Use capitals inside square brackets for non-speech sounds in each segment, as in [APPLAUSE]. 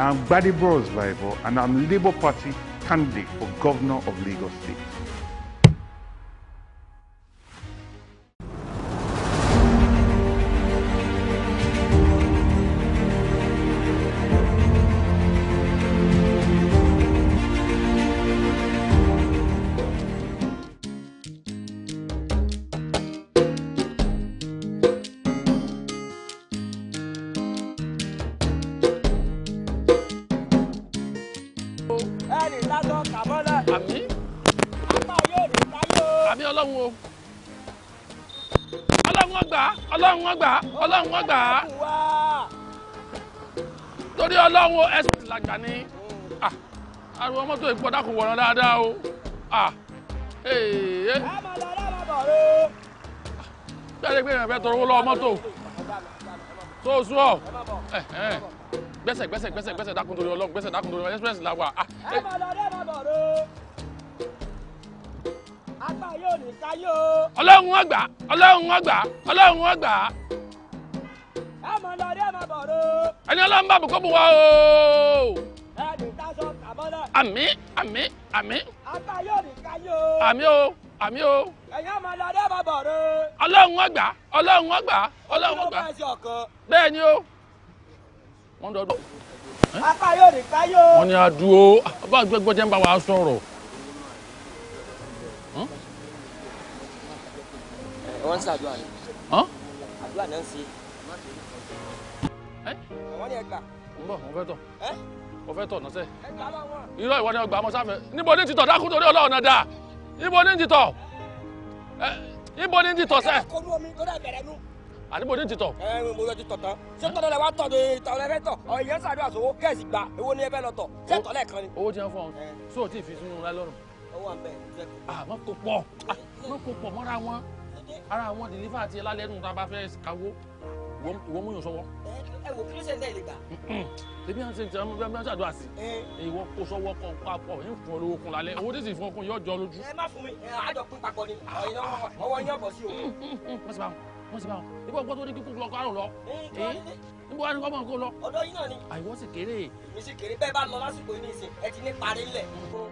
I'm Gbadebo Osvaivo and I'm Labour Party candidate for Governor of Lagos State. wọ̀ràn dáadáa o jáde pé ìrìnàfẹ́ tọrọ owó mọ́tò tó o sún ọ gbẹ́sẹ̀ gbẹ́sẹ̀ gbẹ́sẹ̀ gbẹ́sẹ̀ dákun Ọlọ́run gbẹ́sẹ̀ dákun Ọlọ́run express la wà. Ọlọ́run ó Ọlọ́run ó Ọlọ́run ó ẹni Ọlọ́run bá bùkún bù wá o àmín àmín àmín. àbáyọ nìkan yóò. àmín o àmín o. ẹ̀yin ọmọ ọlọ́dẹ bá bọ̀ rẹ. ọlọ́run ọgbà ọlọ́run ọgbà ọlọ́run ọgbà. bẹ́ẹ̀ ni o. wọ́n dọ́dọ̀. àbáyọ nìkan yóò. wọ́n ní adúó bá gbẹ́gbẹ́ jẹ́ ń bá wa sọ̀rọ̀. Hm? wọ́n ń ṣàdúrà ni. Hm? àdúrà náà ń ṣe. àwọn ni ẹ gbà. ń bọ̀ wọ́n fẹ́ tọ̀ o fẹ́ tọ̀nà sẹ́ irọ́ ìwọ ni ọgbà ọmọ sáfẹ́ níbo ní títọ̀ dákú torí ọlọ́run náà dáa níbo ní títọ̀ níbo ní títọ̀ sẹ́. àníbo ní títọ̀. ẹ ẹ mo yọ títọ̀ tán ṣé tọ́lẹ̀ lẹ wá tọ̀ ní ìtọ̀ lẹ fẹ́ tọ̀ ọ̀rọ̀ ìyẹn sàdúrà sówó kẹ́ẹ̀sì gbà èwo ni ẹ fẹ́ lọ tọ̀ ṣé tọ́lẹ̀ kan ni. owó ti ń fọ ọ sóò tí ì fi sínú rẹ lọ́rùn. owó àbẹ̀ ìfẹ́ kò. àmọ́ kò pọ̀ àmọ́ kò pọ̀ mọ́ra wọn ara àwọn deliver àti ẹ kí ló ṣe ń gbà. ṣebí à ń ṣe ń ṣe à ń ṣàdúrà sí i eh. kó sọwọ́ kan fún ọ lówó kun lálẹ́ owó tí sì fún ọkùnrin yóò jọ lójú. ẹ má fún mi àjọ pín papọ̀ ni ọwọ́ yín ọ̀bọ̀ sí o. wọ́n ti bá wọn wọ́n ti bá wọn ibà gbọ́ tó ní kíkú lọ́kọ́ àrùn lọ. Eh, eh? níbo wá ní kọ́ mọ̀ kó lọ. ọ̀dọ́ yín náà ni. àìwọ́ ah, sì kéré. mi sì kéré bẹ́ẹ̀ bá lọ lásìkò yìí ní ẹ ti ní parí ńlẹ̀.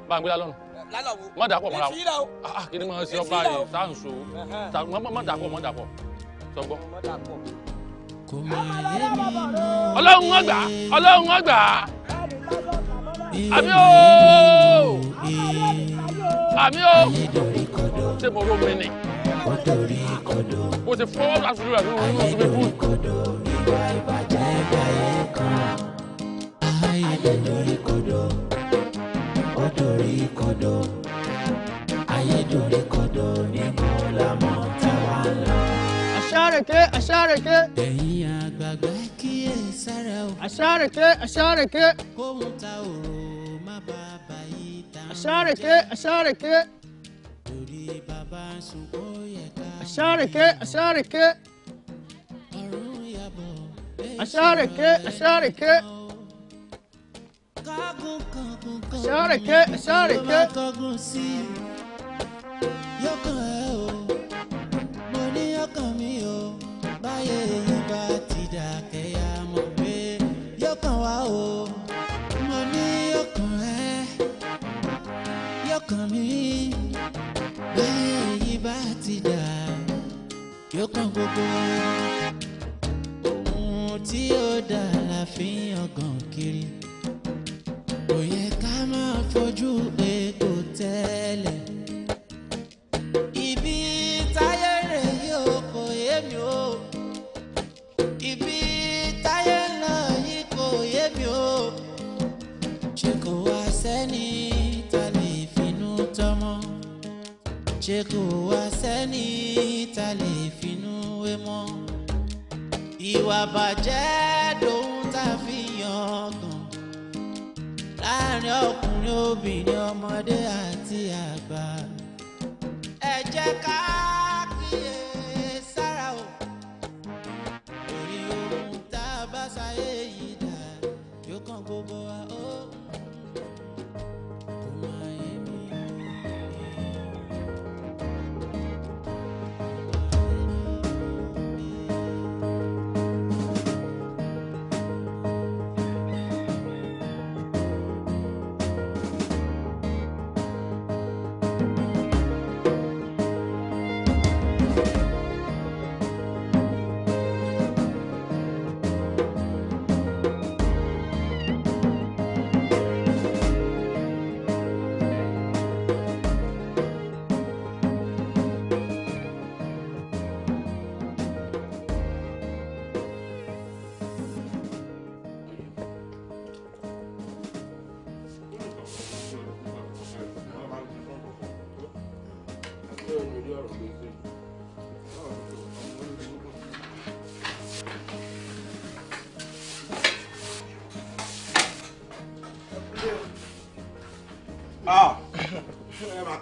bá a gbé lálọ́nù lálọ́wọ́. má dàpọ̀ mọ́ra o ah, ah, kí ni mo ṣe ọba yìí sáà ń so má dàpọ̀ má dàpọ̀ sọgbọ́n ọlọ́run ọgbà ọlọ́run ọgbà àmì ooo àmì ooo ṣé mo rómi ni mo ti fún ọwọ́ láti rẹ̀ lórí oṣù mi fún. Ayédèrè kọ̀dọ̀ níbo la mọ̀ tá a wà lọ àṣàrèké àṣàrèké. ẹ̀yin àgbààgbà kíyè sára o. àṣàrèké àṣàrèké. kóhun ta òrò má bá a bá yìí ta. àṣàrèké àṣàrèké. lórí bàbá sunkún yẹ ká. àṣàrèké àṣàrèké. ọ̀run yàbọ̀ bẹ́ẹ̀ ṣe àṣàrèké àṣàrèké. kágun kankan kan. àṣàrèké àṣàrèké. i yóò kàn án. wá o mo ní ọkàn rẹ yọkàn mi bẹ́ẹ̀ èyí bá ti dà yọkàn gbogbo ohun tí ó dà la fi ń yangàn kiri kò yẹ ká máa fojú egbò tẹ́lẹ̀. ṣé kò wá sẹ́ni tá lè finú wé mọ́ ìwà bàjẹ́ lòun tá fi yan kàn láàrin ọkùnrin obìnrin ọmọdé àti àgbà ẹ jẹ́ ká kíyè sára o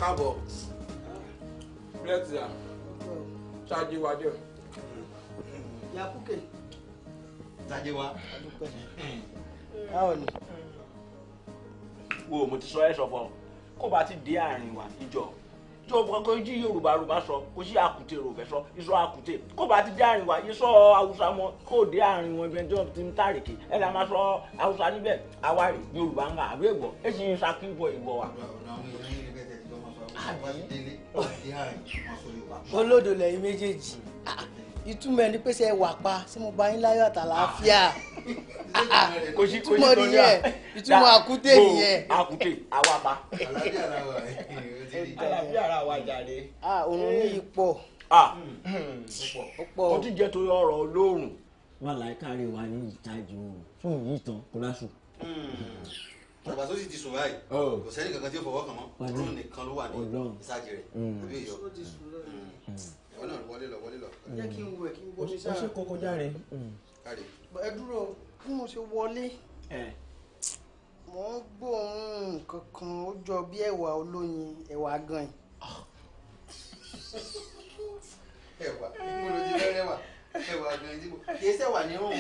káàbọ̀ blẹ́tì à ṣáájú wájú. yakuke. ṣáájú wa. Hmm. báwo ni. wo mo ti sọ ẹ sọ fọ kó bá ti dé àárín wa ìjọ tó kọ jí yorùbá yorùbá sọ kò sí àkùtè rò fẹ sọ ìsọ àkùtè kó bá ti dé àárín wa ìsọ haúsá wọn kó dé àárín wọn ibẹ tí wọn ti ń tàrìkì ẹ là máa sọ haúsá níbẹ̀ àwárí yorùbá ń bá àbí ègbọ èsì ń sakí bọ ìgbọ wa olódò lẹ́yìn méjèèjì ìtumọ̀ ẹni pé ṣe wà pa ṣé mo bá yín láyọ̀ àtàlàáfíà ìtumọ̀ nìyẹn ìtumọ̀ àkúté nìyẹn. àkúté àwa pa. àlàáfíà ara wa eh, eh, jàre. òun ní eh. ipò. ọ̀pọ̀ ó ti jẹ́ torí ọ̀rọ̀ olóòrùn. wà láìka rẹ̀ wà ní ìtajà òòrùn fún yìí tán kó láṣù. Hmm bàbá tó sì ti sùn báyìí oh. kò sẹ́ni kankan tí ó fọwọ́ kàn mọ́ ọdún nìkan ló wà ní ìsájì rẹ̀ mm. àbí ìyọ ẹ̀wọ́n mm. mm. náà wọlé lọ wọlé lọ. jẹ́ kí n wẹ̀ kí n bọ́ sí sáà. ó ṣe kókó járe. ẹ dúró bí mo ṣe wọlé mo ń gbóòórùn kankan ó jọ bí ẹ̀wà olóyin ẹ̀wà gan-an. ẹ̀wà ìgbóòórùn jí lẹ́rẹ̀ wà ẹ̀wà gan-an jí bò kì í ṣẹ̀wà ní òun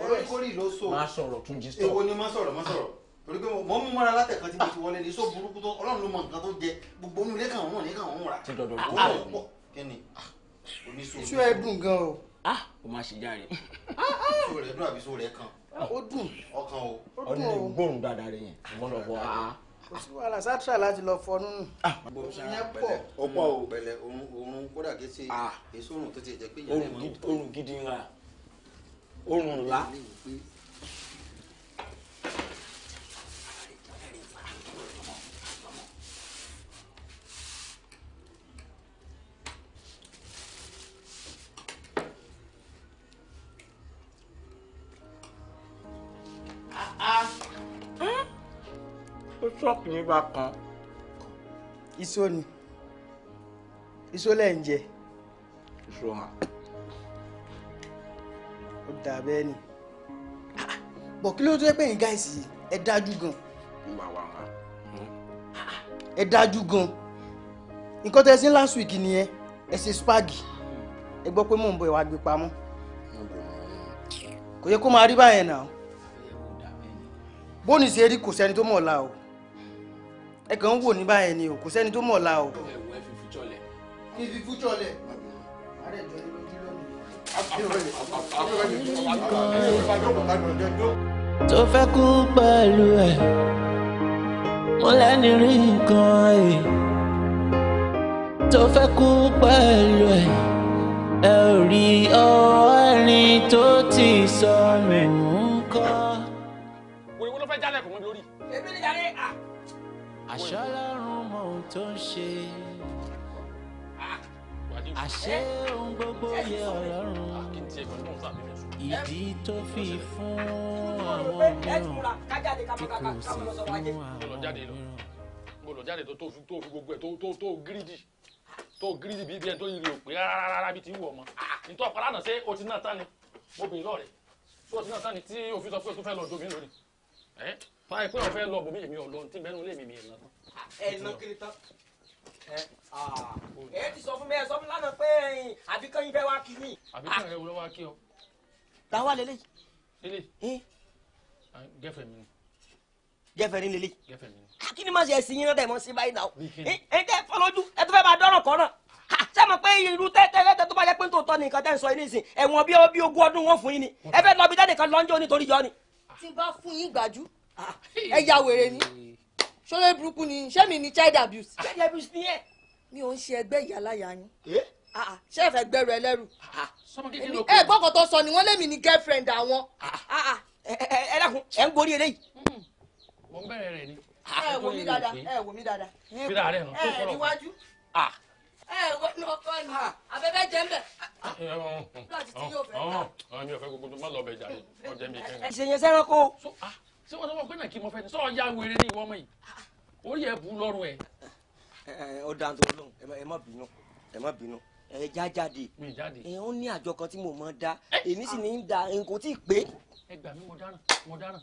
olórí kórì ló so. má sọ̀rọ̀ tún jí sọ̀rọ̀. èwo ni má sọ̀rọ̀ má sọ̀rọ̀ torí pé mọ mú mọ́ra látẹ̀kan tí mo ti wọlé ní so burúkú tó ọlọ́run ló mọ nǹkan tó jẹ gbogbo inú ilé kàn wọ́n ní kàn wọ́n rà wọ́n pọ̀ kí ni oníṣòwò. Ah, iṣu ẹ dùn gan o. ah o máa ṣe járe. iṣu rẹ dùn àbí iṣu rẹ kan. Ah, ó dùn ọkàn o. ó dùn o ọdún gbòòrùn dáadáa rẹ yẹn ìwọ lọ bọ a. Ah, kò sí wàhálà sátírà láti lọ fọnú nù. ìyẹn pọ̀ ọ̀pọ̀ o pẹ̀lẹ́ òórùn kódà kí ṣe èso òórùn tó ti jẹ pé ìyẹn lè mọ òórùn gidi ńlá òórùn ńlá yín bá kan. iṣó ni iṣó lẹ̀ ń jẹ. iṣó hàn. ó dà bẹ́ẹ̀ ni bọ̀ kí ló tó pé yín gáìsì ẹ dájú gan. ìwà wà wà. ẹ dájú gan nǹkan tẹ́ ẹ sí last week nìyẹn ẹ ṣe spagi ẹ gbọ́ pé mò ń bọ̀ ẹ wá gbé pamọ́ kò yẹ kó máa rí báyẹn náà bóònù ṣe rí kò sẹ́ni tó mọ̀ ọ́ la o ẹ kàn ń wò ní báyẹn ni o kò sẹ́ni tó mọ̀ la o. ẹ fi fújọ lẹ. kí n fi fújọ lẹ. tó fẹ́ kú pẹ̀lú ẹ̀ mo lẹ́ni rí nǹkan ẹ̀ tó fẹ́ kú pẹ̀lú ẹ̀ ẹ ò rí ọ̀rìn tó ti sọ mí nǹkan. wo ìwọ ló fẹ́ jálẹ̀ kò wọ́n lórí. èmi ni jàre à àṣọ ọlọ́run mọ ohun tó ń ṣe àṣẹ ohun gbogbo yẹ ọlọ́run ìdí tó fi fún àwọn mìíràn tí kò sí fún àwọn mìíràn. tó gírídì tó bíi bí tó yiri òpè rárá bí ti wù ọmọ nítorí ọ̀pá lánàá ṣé o ti náà tán ni mo bèèrè lọ́ọ̀rẹ́ ṣé o ti náà tán ni tí o sọ pé o tún fẹ́ lọ domi lónìí báyìí pé ọ̀fẹ́ lọ bòmí èmi ọ̀lọ́ tí bẹ́ẹ̀ ló lé mi mi ẹ̀ lọ. ẹ ná kiri tán ẹ ti sọ fún mi ẹ sọ fún lánàá pé àbí kẹ́yìn fẹ́ wá kí mi. àbí kẹ́yìn ẹ wúlọ́ wá kí ọ. táwa lélẹ̀. lélẹ̀ gẹ́fẹ̀ mi ni. gẹ́fẹ̀ ni lélẹ̀. gẹ́fẹ̀ mi ni. kí ni màá ṣe ẹ̀sìn yín náà dẹ̀ mọ́ sí báyìí náà. ẹ jẹ́ fọlọ́jú ẹ tó fẹ́ máa dọ́rọ̀ kọ́ náà ṣé mo pé irú tẹ́tẹ́tẹ́ tó bá yẹ pé tòótọ́ ni nǹkan tẹ́ ń sọ yín nísìn ẹ̀wọ̀n bí ogún ọdún wọn fún yín ni ẹ fẹ́ lọ bí dẹ́nìkan lọ́njọ́ nítorí yọ ni. tí bá fún yín gbàjú ẹ ya wèrè ni ṣọlẹ burúkú ni ṣé mi ni child abuse. child abuse ni ẹ. mi ò ń ṣe ẹgbẹ́ ìyáláyà yín ah, ah, ṣé ẹ fẹ́ gbẹ́rù ẹlẹ́rù. ẹ ah, gbọ́kàn tó sọ ni wọ́n lémi ni girlfriend àwọn. ẹ dákun ẹ ń gorí eléyìí. Hmm. mo ń bẹ̀rẹ̀ rẹ̀ ni. ẹ wò mí dáadáa ẹ wò mí dáadáa. bí dáa rẹ̀ hàn tó kọ́rọ̀. ẹ níwájú. ẹ wọ ní ọkọ ni abẹ́bẹ́ jẹ́ ń bẹ̀. Eh, eh, láti tí eh, yóò fẹ́ ta. mi ò fẹ́ gbogbo tó má lọ bẹ̀ jà ní ọjọ́ mi kẹ́hìn. ìṣèyẹsẹ́ ránkó ṣé wọ́n sọ wọ́n pé náà kí mo fẹ́ ni sọ ya wèrè ní ìwọ ọmọ yìí orí ẹ̀ bù lọ́rùn ẹ̀. ó dáa tó lóhùn ẹ má bínú ẹ má bínú ẹ jájáde ẹ ó ní àjọ kan tí mo mọ dá èmi sì ní í da nǹkan tí ì pé. ẹ gbà mí mo dáràn mo dáràn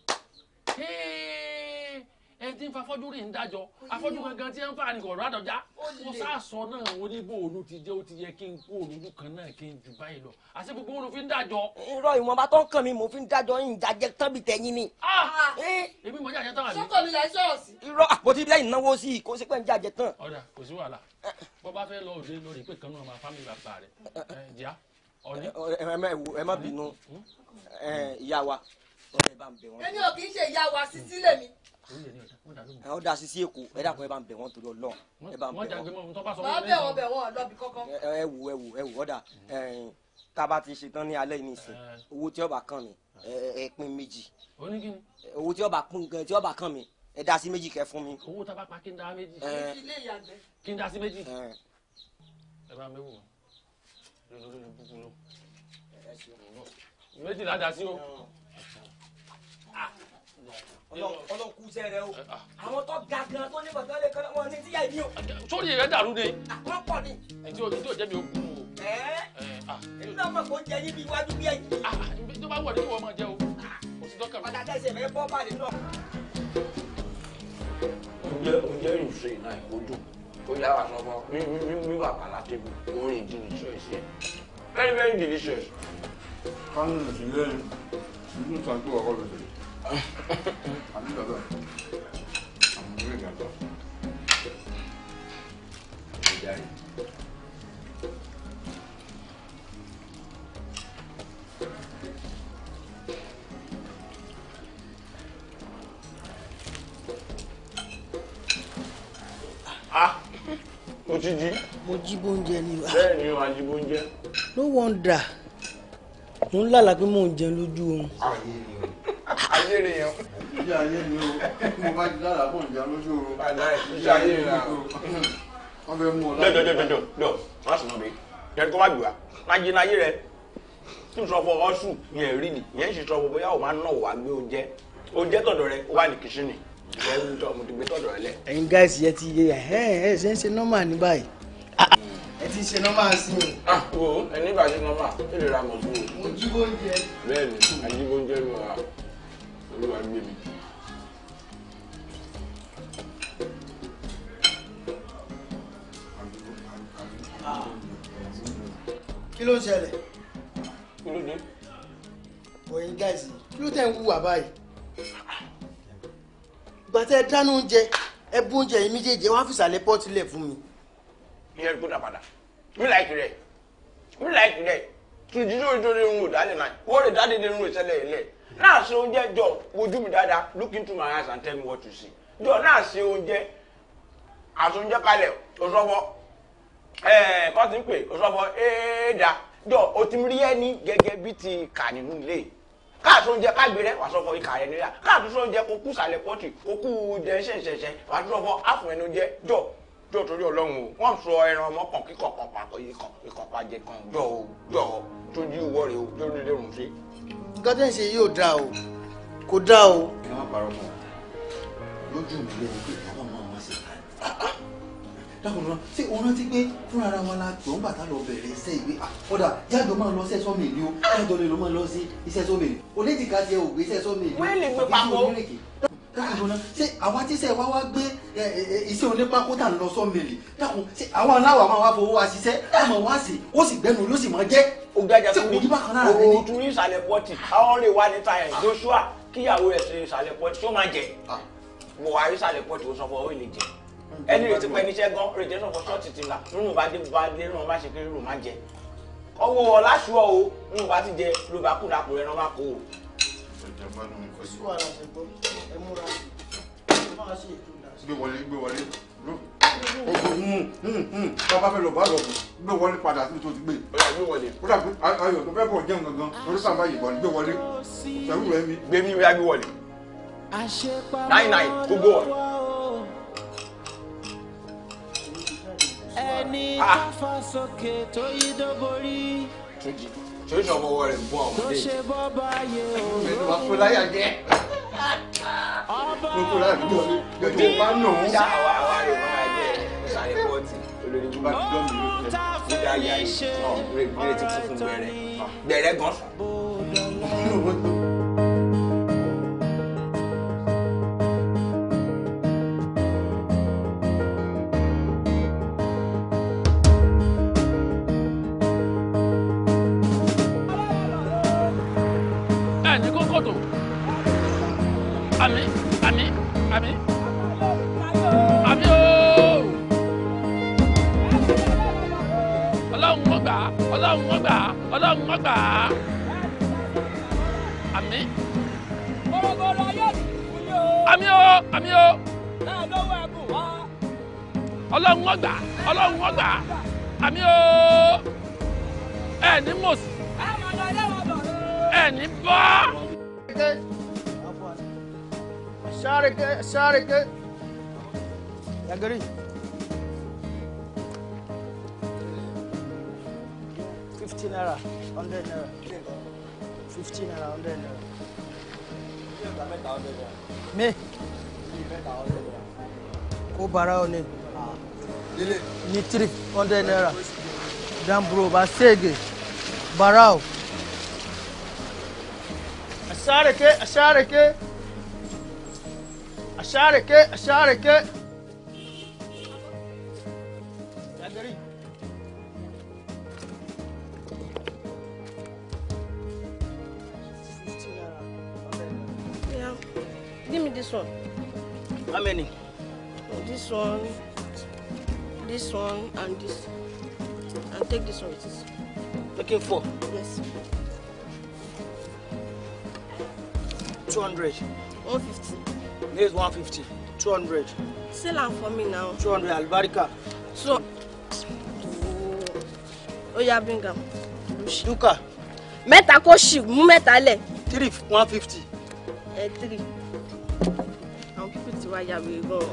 ẹni tí ń fafọ́jú rí ń dájọ́ afọ́jú gangan tí ń fa ni ọ̀rọ̀ àdọ́já mo sáàsọ náà oníbò òun ti jẹ́ ó ti yẹ kí n kó òrùlù kan náà kí n jù báyìí lọ àti gbogbo òun fi ń dájọ́. irọ́ ìwọ̀nba tó ń kàn mí mo fi ń dájọ́ yín jàjẹ́ tán bí tẹ̀yìn ni. Ah! Ah! èmi mọ̀ jàjẹ́ tán àbí. sọ́kọ̀ mi láì sọ̀rọ̀ sí. irọ́ àpótí bíi ìnáwó sí i kó sípẹ́ ń jàjẹ́ tán. ọ̀dà kò sí wàhálà bọ́ bá fẹ́ lọ òde lórí pé kan náà máa fámìlì bàbá rẹ̀ ẹ̀ ẹ má bínú hmm? ìyá wa ẹni ò kì í ṣe ìyá wa sí sílẹ̀ mi ẹ ọ da sisi èkó ẹ dàpọ̀ ẹ bá ń bẹ̀ wọ́n torí ọlọ́run ẹ bá ń bẹ̀ wọ́n. máa bẹ̀ wọ́n bẹ̀ wọ́n lọ́bi kọ́kọ́. ẹ wò ẹ wò ẹ wò ọ̀dà tá a bá ti ṣe tán ní alẹ́ yìí nìsín owó tí ọba kàn mí ẹ pín méjì owó tí ọba pín gan tí ọba kàn mí ẹ dá sí méjì kẹ fún mi. owó tá a bá pa kí n dá méjì. kí n dá sí méjì. ẹ bá mi wò lórí búburú méjì la dá sí o ọlọ́kù sẹ́rẹ̀ o eh, ah. àwọn tó ga gan tó ní bàtà lè kọ́lá wọn ní tíyà ìbí o. sórí rẹ dàrú ni. àkọ́ pọ̀ ni. ètò ètò ìjẹ́ mi ò kú o. Eh, ah. èmi náà mọ̀ kó ń jẹ yín bí iwájú bí ẹ̀yìn. Ah, tó bá wọ̀ ní ìwọ máa jẹ o. padà tẹ̀sẹ̀ fẹ́ bọ́ bàlẹ̀ náà. ǹjẹ́ ǹjẹ́ yóò ṣe iná ìkójú ó yára sọ fún mi mi mi bàbá láti mi orin delicious yẹn very very delicious. kánú ìsìlẹ̀ ìdúntàgbọ̀ ọ̀rọ̀ rẹ̀ mo ti jí. mo jí bóúnjẹ ni wa. bẹ́ẹ̀ni no wonder mo ń lálàá pé mò ń jẹun lójú oorun ayé ni yẹn. iṣẹ́ ayé ni o mo bá ti dára fún ìjà lóṣooṣù. iṣẹ́ ayé ni o. wọ́n fẹ́ mú ọ láti. dọ̀dọ̀dọ̀dọ̀ dọ̀ wọ́n sùn mí jẹ́ kó má gbé wa lájẹ ní ayé rẹ tí n sọ fún ọ sùn yẹn rí ni yẹn sì sọ fún bóyá o máa ń náwó wá gbé o jẹ o jẹ tọ̀dọ̀ rẹ o wà ní kìsìnì ìfẹ́ mi tọ́ mo ti gbé tọ̀dọ̀ rẹ lẹ. ẹ̀yin guys yẹ ti yé ẹ ẹ ṣe ń ṣe nọ́mà ní báyìí ẹ ti ṣe nọ́mà sí i. Ah, wo ẹni bá ṣe nọ́mà ó lè ra mọ̀ sí i. mo jí bóúnjẹ. bẹ́ẹ̀ni ajíbóúnjẹ ló wà ló máa ń yé mi. kí ló ń ṣẹlẹ̀. kí ló dé. oyin guys kí ló tẹ̀ ń wúwà báyìí. ìgbà tẹ́ ẹ dáná oúnjẹ ẹ bú oúnjẹ yìí méjèèjì ẹ wá fìsàlẹ̀ pọ́ọ̀tì lẹ̀ fún mi. ìyẹn kó dà padà mi láìkì rẹ̀ mi láìkì rẹ̀ tùjú lórí lórí ohun ò dálé náà wọ́n rè dáadé lórí ohun ìṣẹ̀lẹ̀ yìí náà ṣe oúnjẹ jọ wojú mi dáadáa look into my eyes and tell me what you see jọ náà ṣe oúnjẹ àṣoúnjẹ kalẹ̀ òṣọ́fọ́ ẹ̀ẹ́ kọ́ ti ń pè òṣọ́fọ́ éèdà jọ o ti rí ẹni gẹ́gẹ́ bí ti kà nínú ilé káàtó oúnjẹ jọ torí ọlọ́run o wọ́n sọ ẹran ọmọ kíkọ̀ kan pàkọ́ ikọ̀ pàjẹ́ kan jọ o jọ o tó yí ìwọ rẹ o tó ní lérun sí. nǹkan tẹ́ ń ṣe yóò dáa o kò dáa o. ẹ má parọ́ mọ́ lójú mi lẹ́nu pé àwọn ọmọ wọn ṣe dákùnrin náà ṣé o rántí pé fúnra ara wa la gbọ́n bàtà lọ bẹ̀rẹ̀ iṣẹ́ ìwé ọ̀dà jáde máa lọ iṣẹ́ sọ́mi ìlú o jáde lọ máa lọ sí iṣẹ́ sọ́mi ìlú o ṣé àwa tíṣẹ́ wa wá gbé iṣẹ́ onípákó tà ń lọ sọ́ọ̀mẹ̀lì dákun ṣé àwa aláwọ̀ máa wá fowó wa ṣiṣẹ́ àmọ́ wá sí ó sì gbẹnu ló sì máa jẹ́. ó gbàjà tó ní òòtú ní ìsàlẹ̀ pọ́tì àwọn lè wá níta ẹ̀ Joshua kíyàwó ẹ̀ sí ìsàlẹ̀ pọ́tì tó máa jẹ mo wà rí ìsàlẹ̀ pọ́tì ó sọ fún ọ ó lè jẹ ẹni rètí pẹ́ níṣẹ́ gan rètí sọ fún ṣọ́ọ̀tì ti là nínú bá dé bá dé nínú bá ṣe kiri rò má jẹ ọwọ́ ọ̀làṣùọ́ o nínú bá ti jẹ ló bá kúndàkùn ẹran bá kó o. ẹ̀jẹ̀ bá ní mi kọ́ sí ẹ múra ẹ máa ṣe ètò ìdásí. bàbá fẹ́ lọ bá lọ gbé wọlé padà sí tó gbé. gbé wọlé. ó ayọ̀ tó fẹ́ bọ̀ jẹun gangan lórí sàmbá yìí wọlé gbé wọlé pẹ̀lú rẹ̀ mi. gbé mi wíwá gbé wọlé. náì náì kó gbó wọlé. ẹni ká ah. fà sókè tó yí dóborí torí náà ọmọ rẹ̀ ń bọ́ àwọn ọmọdé yìí mẹ́nu máa fún láyà jẹ́ gbogbo láyà jọ bá nù ún. ṣá wa wa rè wọn àjẹ sáré olórí tó bá ti dọ́ mi lójú ẹ̀ fún dáyà yìí náà rè gbére ti kún fún gbẹrẹ gbẹrẹ gan. [LAUGHS] àmín àmín àmín àmín ooo ọlọ́run wọ́n gbà ọlọ́run wọ́n gbà ọlọ́run wọ́n gbà àmín. gbọ́dọ̀gbọ́dọ̀ ayé ìdìbò yóò. àmín o àmín o. náà lọ́wọ́ ẹ̀bùn wá. ọlọ́run wọ́n gbà ọlọ́run wọ́n gbà àmín o ẹ̀ ní mọ̀sí. ẹ̀ ní bọ́. Şarkı, şarkı. Ya gari. Fifteen naira, hundred naira. Fifteen naira, hundred naira. Me. Ko bara o ne? Ni three hundred naira. Dan bro, ba sege. Bara o. Aşağı reke, Ashareke, Ashareke. Jagari. Yeah. Give me this one. How many? Oh, this one, this one, and this. And take this one with this. Looking for? Yes. 200. 150. This is 150. 200. Sell them for me now. 200 albarika. So, oh, yeah, bring am. Duka. Mẹ́ta kó ṣì mú mẹ́ta lẹ̀. Three one fifty. Ẹ eh, three. Àwọn pípì tí wàá ya wèrè gan-an.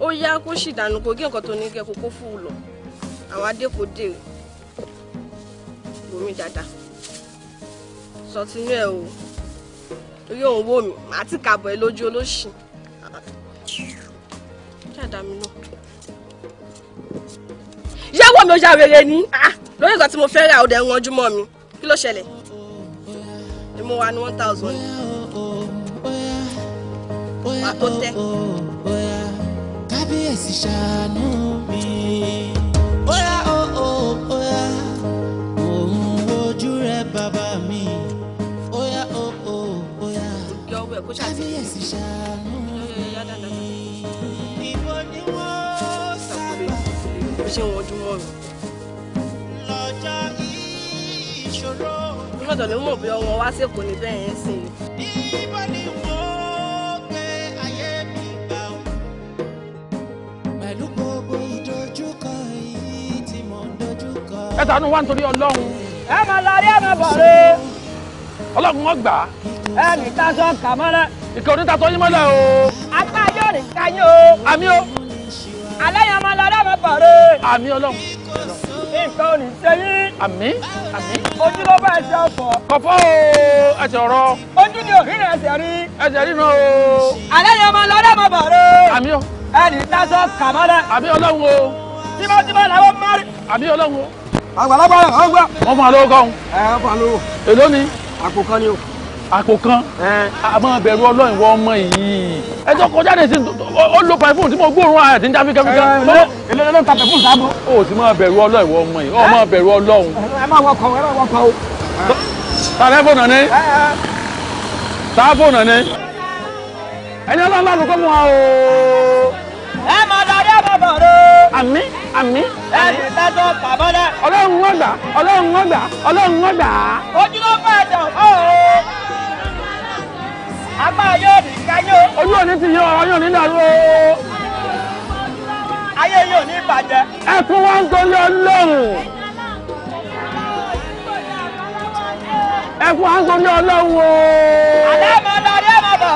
Ó yá kó ṣì dànù kó gé nǹkan tó ní kẹ́ kó kó fún un lọ. o torí òun wò mí àti kàbọ̀ ẹ lójú olóṣì yàwó mi ò ya rere ni ah, lórí nǹkan tí mo fẹ́ rà ó ń ranjú mọ́ mi kí ló ṣẹlẹ̀ èmo wa ni one thousand wà tó tẹ́. kábíyèsí ṣàánú mi. bóyá o ò bóyá. kó ṣàtì. kábíyèsí ṣàánú rẹ̀ ìwọ lọ́jọ́ ìṣòro. ìfọ̀dọ̀ bí ọwọ́ wá sí èkó ní bẹ́ẹ̀ yẹn sìn. ìbọn ni wọ́n gbé ayé mi gbà ó. pẹ̀lú gbogbo ìdojúkọ yìí tí mò ń dojúkọ. ẹ tànú wá nítorí ọlọ́run ẹ máa lọ rí ẹ máa bọ̀ rẹ ọlọ́run wọn gbà á ẹnì tasọ kàmọ́lẹ̀. ìkànnì tasọ yín mọ́lẹ̀ o. apá yóò rìn ká yín o. àmì o. alẹ́ yẹn ọmọ lọ́dọ̀ mọ́ pọ̀rẹ́. àmì ọlọ́run. nǹkan ò ní ṣe yín. àmì àmì. ojú ló bá ẹsẹ̀ ọ̀fọ̀. kọ̀fọ́ o ẹsẹ̀ ọ̀rọ̀. ojú ni òhìn ẹsẹ̀ rí. ẹsẹ̀ rí náà o. alẹ́ yẹn ọmọ lọ́dọ̀ mọ́ pọ̀rẹ́. àmì o. ẹnì tasọ kàmọ́lẹ̀. àmì ọlọ́run o. tímọ́tímọ́ làwọn àmì ọlọ́run o. àgbàlagbà ọgbà. wọ́n fún alówó kan. ẹ wọ́n fún alówó. èló ni. àpò kan ni o àpò kan àmọ́ bẹ̀rù ọlọ́run wọ ọmọ yìí ẹ tó kọjá lè sí ó lo pẹfún tí mo gbóòórùn ààrẹ tí ń jáfi kẹfíkan. èlé ló ń ta pẹfún sábò. o ti máa bẹ̀rù ọlọ́run wọ ọmọ yìí ọmọ bẹ̀rù ọlọ́run. ẹ má wọkọ ẹ má wọkọ o. tàlẹ́fọ̀nà ni tàlẹ́fọ̀nà ni ẹni ọlọ́run bá lùkọ́ mu wa ẹ máa darí àbàbọ̀ rẹ. àmín ẹ ti sẹ́tọ̀ pàbọ́dẹ̀. ọlọ́run wọ́n gbà ọlọ́run wọ́n gbà ọlọ́run wọ́n gbà. ojúlówó ẹ̀dọ̀ ọ̀ọ́ a máa yóò ní káyó. ojú òní ti yọ ọyún ní dàrú ayé yóò ní ìbàjẹ́. ẹkún wa ń torí ọlọ́run. ẹkún wa ń torí ọlọ́run o. àdámọ́ lọ rí bọ̀ rẹ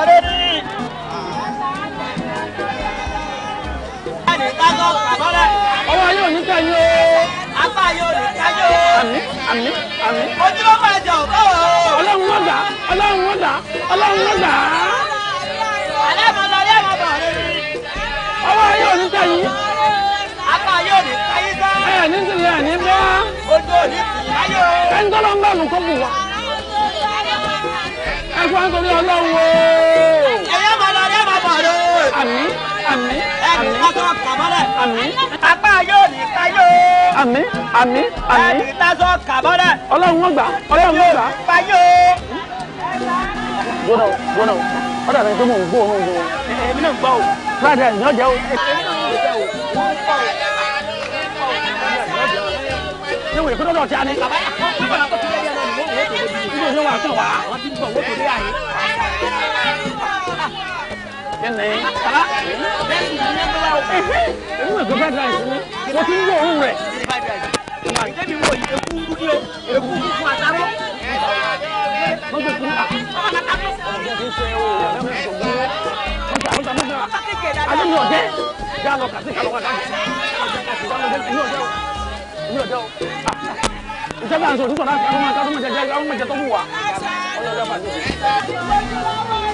ọwọ́ yóò ní kẹ́yìn àbáyọ rẹ̀ dájọ́. àmín àmín àmín. ojú ló máa jà ọ̀bọ̀. ọlọ́run wọ́n là ọlọ́run wọ́n là ọlọ́run wọ́n là. alẹ́ mọ lọ alẹ́ mọ bọ̀ rẹ. ọwọ́ ayé òní tẹ̀ yín. àbáyọ rẹ̀ káyé sá. ẹ ní sílẹ̀ ẹ̀ ní bá. ojú òní tì láyọ̀. kẹ́ńtọ́lọ́ ń gbọ́nù kó kù wá. ẹ fún wa nítorí ọlọ́run o. ẹ̀yẹ́ mọ lọ alẹ́ mọ bọ̀ rẹ. àmín àmín kátó kàbọ́dẹ̀. apá yóò ní káyó. àmín àmín àmín. ẹni tásọ kàbọ́dẹ̀. ọlọ́run wọn gbà ọlọ́run èmi náà gbọ́ o. fúláàdì ẹ̀ yọ̀ọ́ o. ṣé wòye kúndọ́dọ̀ tí a ní. bàbá yà kó náà ti ń bọ̀ kíni. èmi mọ̀ pé fried rice ni mo ti ń wọ òun rẹ̀. ìdẹ́mi wọ yìí eku ń dúdú o eku ń fún àtàrọ. wọ́n gbé fún àtàrọ. alẹ́ mi ò dé yà lọ kàtí kàlọ́ wà láti. mi ò dé o mi ò dé o. ìjọba àti òtútù náà kàtó máa kàtó máa jẹjẹ àwọn ọmọ ìjẹ tó wù wá. ọlọ́dọ̀ bá dé o.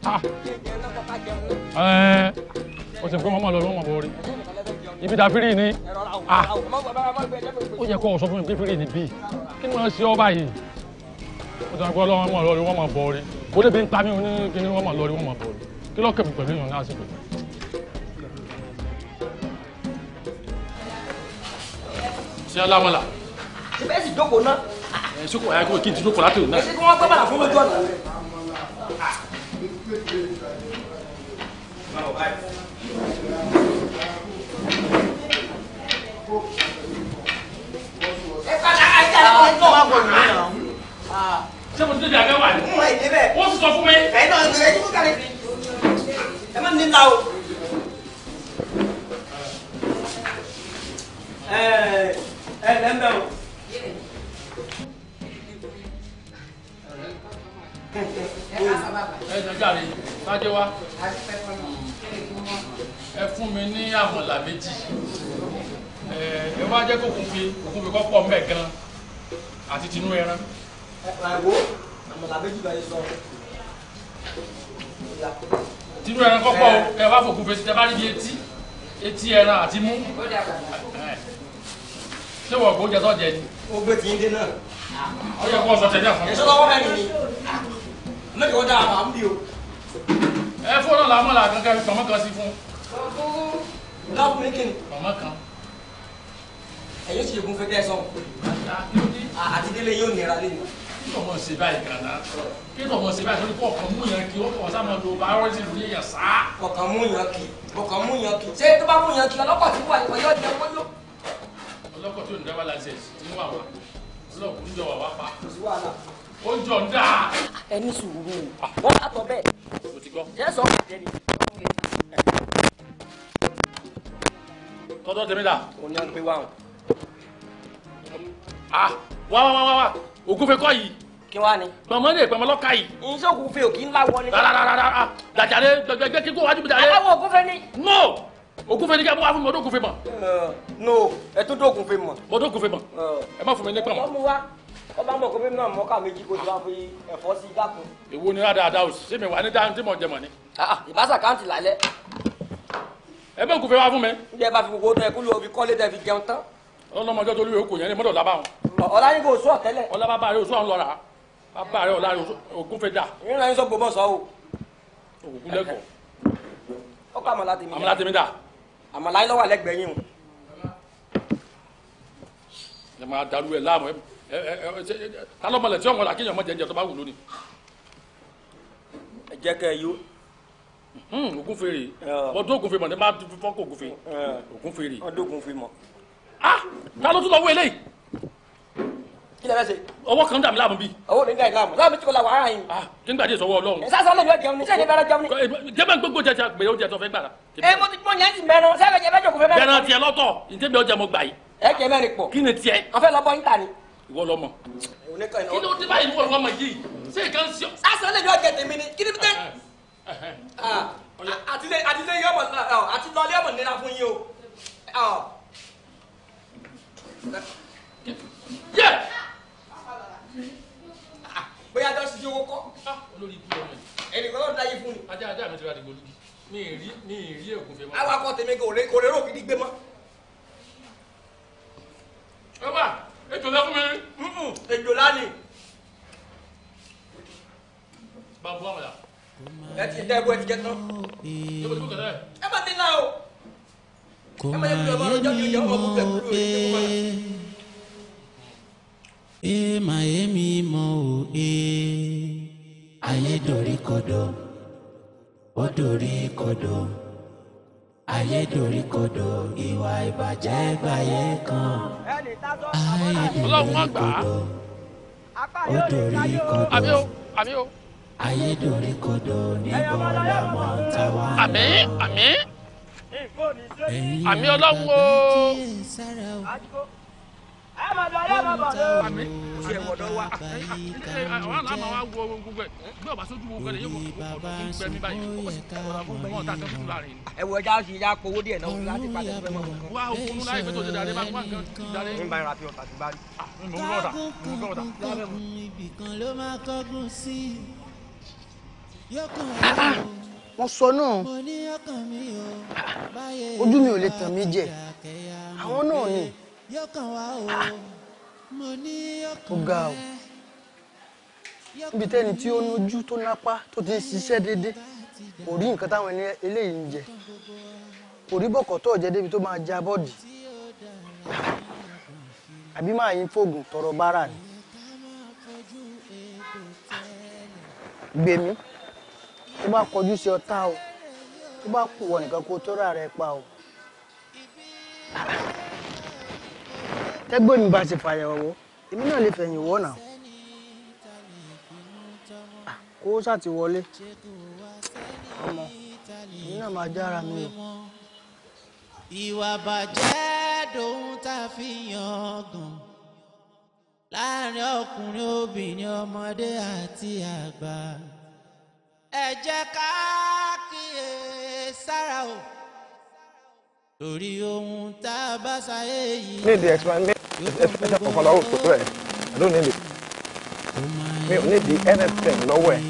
ẹ o sì ń kọ́ mọ́mọ́ lọ bọ̀ rí ibi ta fírì ni ah, ó yẹ kó o sọ fún mi pé fírì ni bíi kí ni wọ́n ṣe ọ́ báyìí o sì ń kọ́ lọ́mọ́ lọ rí wọ́n mọ̀ bọ̀ rí bó débi ń ta mí ní kí ni wọ́n mọ̀ lọ rí wọ́n mọ̀ bọ̀ rí kí lọ́kàn mi pẹ̀lú ìyọ̀nà àsìkò yìí. ṣé alámọ̀lá. ṣe bẹ́ẹ̀ sì jókòó náà. ẹ̀ ṣókò ẹ̀ kí n ti jókòó látòun náà. èsì kí wọ́n gbọ́ ẹjọ́ wà bọ̀ mí náà. ṣé mo ti tẹ̀lé abẹ́ wà ní. mo ẹ̀ débẹ̀. wọ́n ti sọ fún mi. ẹ̀ náà ẹ̀ ẹ̀ kúkà lè fi. ẹ má ní ta o. ẹ ẹ lẹ́mbẹ̀ o. ẹ jọjá rẹ sáájú wa ẹ fún mi ní àmọ̀là méjì ẹ wá jẹ́ kó kún fi kún fi kọ́ pọ̀ mẹ́ gan-an àti tinú ẹran. ẹ̀wọ̀ àmàlà méjì bá yẹ sọ. tinú ẹran kọ́kọ́ o ẹ wá fòkun fèsì tẹ bá níbi etí etí ẹran àti mú. ṣé wọ́n gbó jẹ́sọ́ jẹ ni. ó gbé tí ń dé náà. ó yẹ kó sọ tẹ̀lé àfọ̀n. èso lọ́wọ́ bẹ́ẹ̀ nìyí. lókè ó dáa màá ń bí o. ẹ fóònù làmọ́là kankan fi pamọ́ kan sí fún. lọ́kùnrin kìnnì. pamọ́ kan ẹ̀yin sì yẹ̀kún fẹ́kẹ́ sọ. àti délé yóò nira lé mi. kí lọ́mọ ṣe báyìí gàdá kí lọ́mọ ṣe báyìí torí pé ọkàn mú yàn kí ọkàn sáà máa lo báyọ́rọ́sì lórí èèyàn sá. ọkàn mú yàn kí ọkàn mú yàn kí ṣé tó bá mú yàn kí ọlọ́kọ̀ tí wà ìwọ yóò jẹ wọ́n lò. ọlọ́kọ̀ tó ń dábàá láṣẹ ti ń wà wá ọlọ́kùn ń jọ wà wá pa. ó jọ ń dà. ẹ sùúrù wọn bá tọ bẹ́ẹ̀. o ti gbọ́. ẹ sọ fún jẹni. tọ́tọ́ o ní à ń pè wá o ah wá wá wá wá ògúnfe kọ́ yìí. kí wá ni. pọ̀nmọ́ lè pọ̀nmọ́ lọ́ka yìí. iṣẹ́ ògúnfe ò kí ń láwọ ni. rárá dàjàre gbẹgbẹgbẹ kí kó wájú mi dàjàre. àwọn ògúnfe ni. no ògúnfe ni kí a mú wá fún mi ọdún ògúnfe mọ. no ẹ tó dún ògúnfe mọ. mo dún ògúnfe mọ ẹ má fún mi nípa mọ. ọmọ wa ọba mọ̀ kófí náà mọ́ká méjì kó ti wá fi ẹ̀fọ́ sí dákun. èwo ni rádàdà ò sí mi wà ní dáhùn tí mò ń jẹmọ ni. Ah, ah, ìbáṣà káǹtì lálẹ́. ẹ bẹ́ẹ̀ kò fẹ́ wá fún mi. ǹjẹ́ bá fi gbogbo tẹ kó lóo fi kọ́lé tẹ fi jẹun tán ọlọmọjọ tó lórí okò yẹn ni mọtò lábà wọn. ọlá kò sọ tẹ́lẹ̀. ọlá bàbá rẹ oṣù àwọn lọra bàbá rẹ ọlá rẹ ògùn fẹ dà. ìrìnà yín sọ gbogbo sọ o. ògùn lẹkọọ. ó kọ àmàlà tèmi dà. àmàlà tèmi dà. àmàlà yín lọ́wọ́ àlẹ́gbẹ̀ẹ́ yín o. ẹ máa darú ẹ láàmú ẹ ẹ ẹ tálọ́mọlẹ̀ tí ọ̀mọ̀lá kéèyàn mọ̀ jẹ́njẹ́ tó bá wù lónìí. ẹ jẹ́ kẹ́ yó. Hmm, ògùn fèrè bọ́dún ògùn fèrè mọ̀ ní bá fọ́kọ̀ ògùn fèrè. ọdún ògùn fèrè mọ̀ ah ta ló tún lọ wọ eléyìí ilẹ̀ bẹ́sẹ̀. ọwọ́ kan dàmí láàmú bí. owó ní dàmí láàmú láàmú tí kò la wàhálà yìí. ah nígbà tí ìsọwọ́ ọlọ́run. ìsásọ lè yọ jẹun ní sẹ́yìn bẹ́rẹ̀ jẹun ní. Eh, jẹ́bẹ̀ gbogbo jẹ gbèrè oúnjẹ tó fẹ́ gbà la. Eh, ẹ mo ti mọ yẹn ti mẹ́rin sẹ́yìn bẹ́ẹ̀ jọ kò fẹ́ mẹ́rin. bẹ́ẹ̀rẹ̀ tiẹ̀ lọ́tọ̀ ntẹ́bi ọjà mo gbà yìí. ẹ jẹ mẹ́rin pọ̀. kí yẹ. bóyá dọ́sí ti owó kọ́. Ah, olórí ikú lọ́mọ yìí. ẹnìkan ló dáyé fún mi. ajá ajá mi ti ra dìgbò lójú mi ì rí mi ì rí ègún fẹ́ mọ́. awakọ̀ tèmi kò rè kò rè rò gidi gbé mọ́. ẹ wá ètò lẹ́kùn mi. ètò lánìí. bàbá wà. ẹ ti dẹ́ ẹ bó ẹ ti jẹ tán. ẹ bá ti ná o kó máa yé mi mọ́ o ee e. máa yé mi mọ́ o ee ayé dorí kodò ó dorí kodò ayé dorí kodò ìwà ìbàjẹ́ gbàyé kan ayé dorí kodò ó dorí kodò ayé dorí kodò níbo la mọ̀ ń ta wá. àmín àmì ọlọ́run o. àmì ṣe wọ̀dọ̀ wa. àwọn àlámà wa wo gbogbo ẹ̀ bí ọba sójú gbogbo ẹ̀ yóò wọ ọ̀dọ̀ tó ń gbẹ mí báyìí ọ̀dọ̀ tó ń gbẹ mí báyìí. ẹ wọ ẹja ṣe ya kowó díẹ̀ náà láti padà fẹ́ mọ́. wá òkun ní láyé fẹ́tọ̀ ṣe dáadé bá wà nǹkan dáadé. ń bá ẹ ra fi ọ̀tà sí bá rí. mo ń rọ̀dà mo ń rọ̀dà. ibìkan ló máa kọ́gùn sí yókùn ọ̀rọ̀ mo sọ náà ojú mi ò lè tàn mí jẹ àwọn náà ni ó ga o níbi tẹ́ni tí ó nójú tó nápá tó ti ń ṣiṣẹ́ déédéé kò rí nǹkan táwọn eléyìí ń jẹ kò rí bọ̀kọ̀tọ̀ jẹ débi tó máa ja bọ́ọ̀dì àbí máa yín fóògùn tọrọ bára ni gbèmí tó bá kọjú sí ọ̀tá o tó bá kù wọ nìkan kó tọ́ra rẹ pa o. tẹ́gbọ́n mi bá ti fàyẹ̀wò èmi náà lè fẹ̀yìn wọ́n náà ah, kó ṣàti wọlé ọmọ èmi náà máa jára mi o. ìwà bàjẹ́ dòun tá a fi yan gàn láàrin ọkùnrin obìnrin ọmọdé àti àgbà ẹ jẹ́ ká kíyè sára o torí ohun tá a bá ṣayé yìí. ní ìdí ẹ̀sìpẹ́ṣẹ́ kankan lọ́wọ́ kò tó ẹ̀ I don't need it mi ò need anything lọ́wọ́ ẹ̀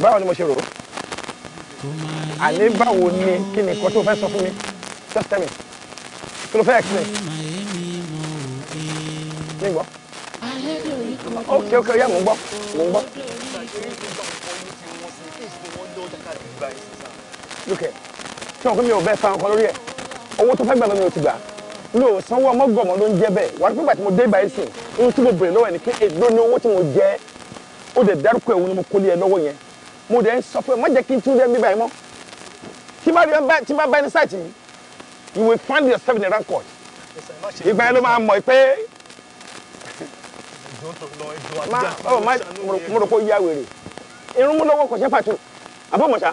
báwo ni mo ṣe rò ó àní báwo ni kí ni nǹkan tó fẹ́ sọ fún mi just tell me kí ló fẹ́ explain mi gbọ́ ok ok yẹ mo ń gbọ́ mo ń gbọ́. lókè tí wọn kò mi ò bẹ́ẹ̀ san ọkọ lórí ẹ̀ owó tó fẹ́ gbà lọ́nà ò ti gbà mi ò sanwó ọmọgọ̀mọ ló ń jẹ́ bẹ́ẹ̀ wà á pé bàtí mo dé báyìí sìn ohun tí mo bèrè lọ́wọ́ ẹ̀ ni pé èdò ni owó tí mo jẹ́ ó dẹ̀ dárúkọ ẹ̀wọ̀n ni mo kólé ẹ lọ́wọ́ yẹn mo dẹ̀ ń sọ fún ẹ má jẹ́ kí n tún dẹ́ bíbá ẹ mọ́ tí bá rí tí bá bá ẹni sáàtì you will find yourself in a rancor ìgbà yẹn ló máa mọ̀ pé [LAUGHS] oh, mo rò pé ó yá wèrè irun mú lọ́wọ́ kò pàtó àbọ̀mọ̀ṣá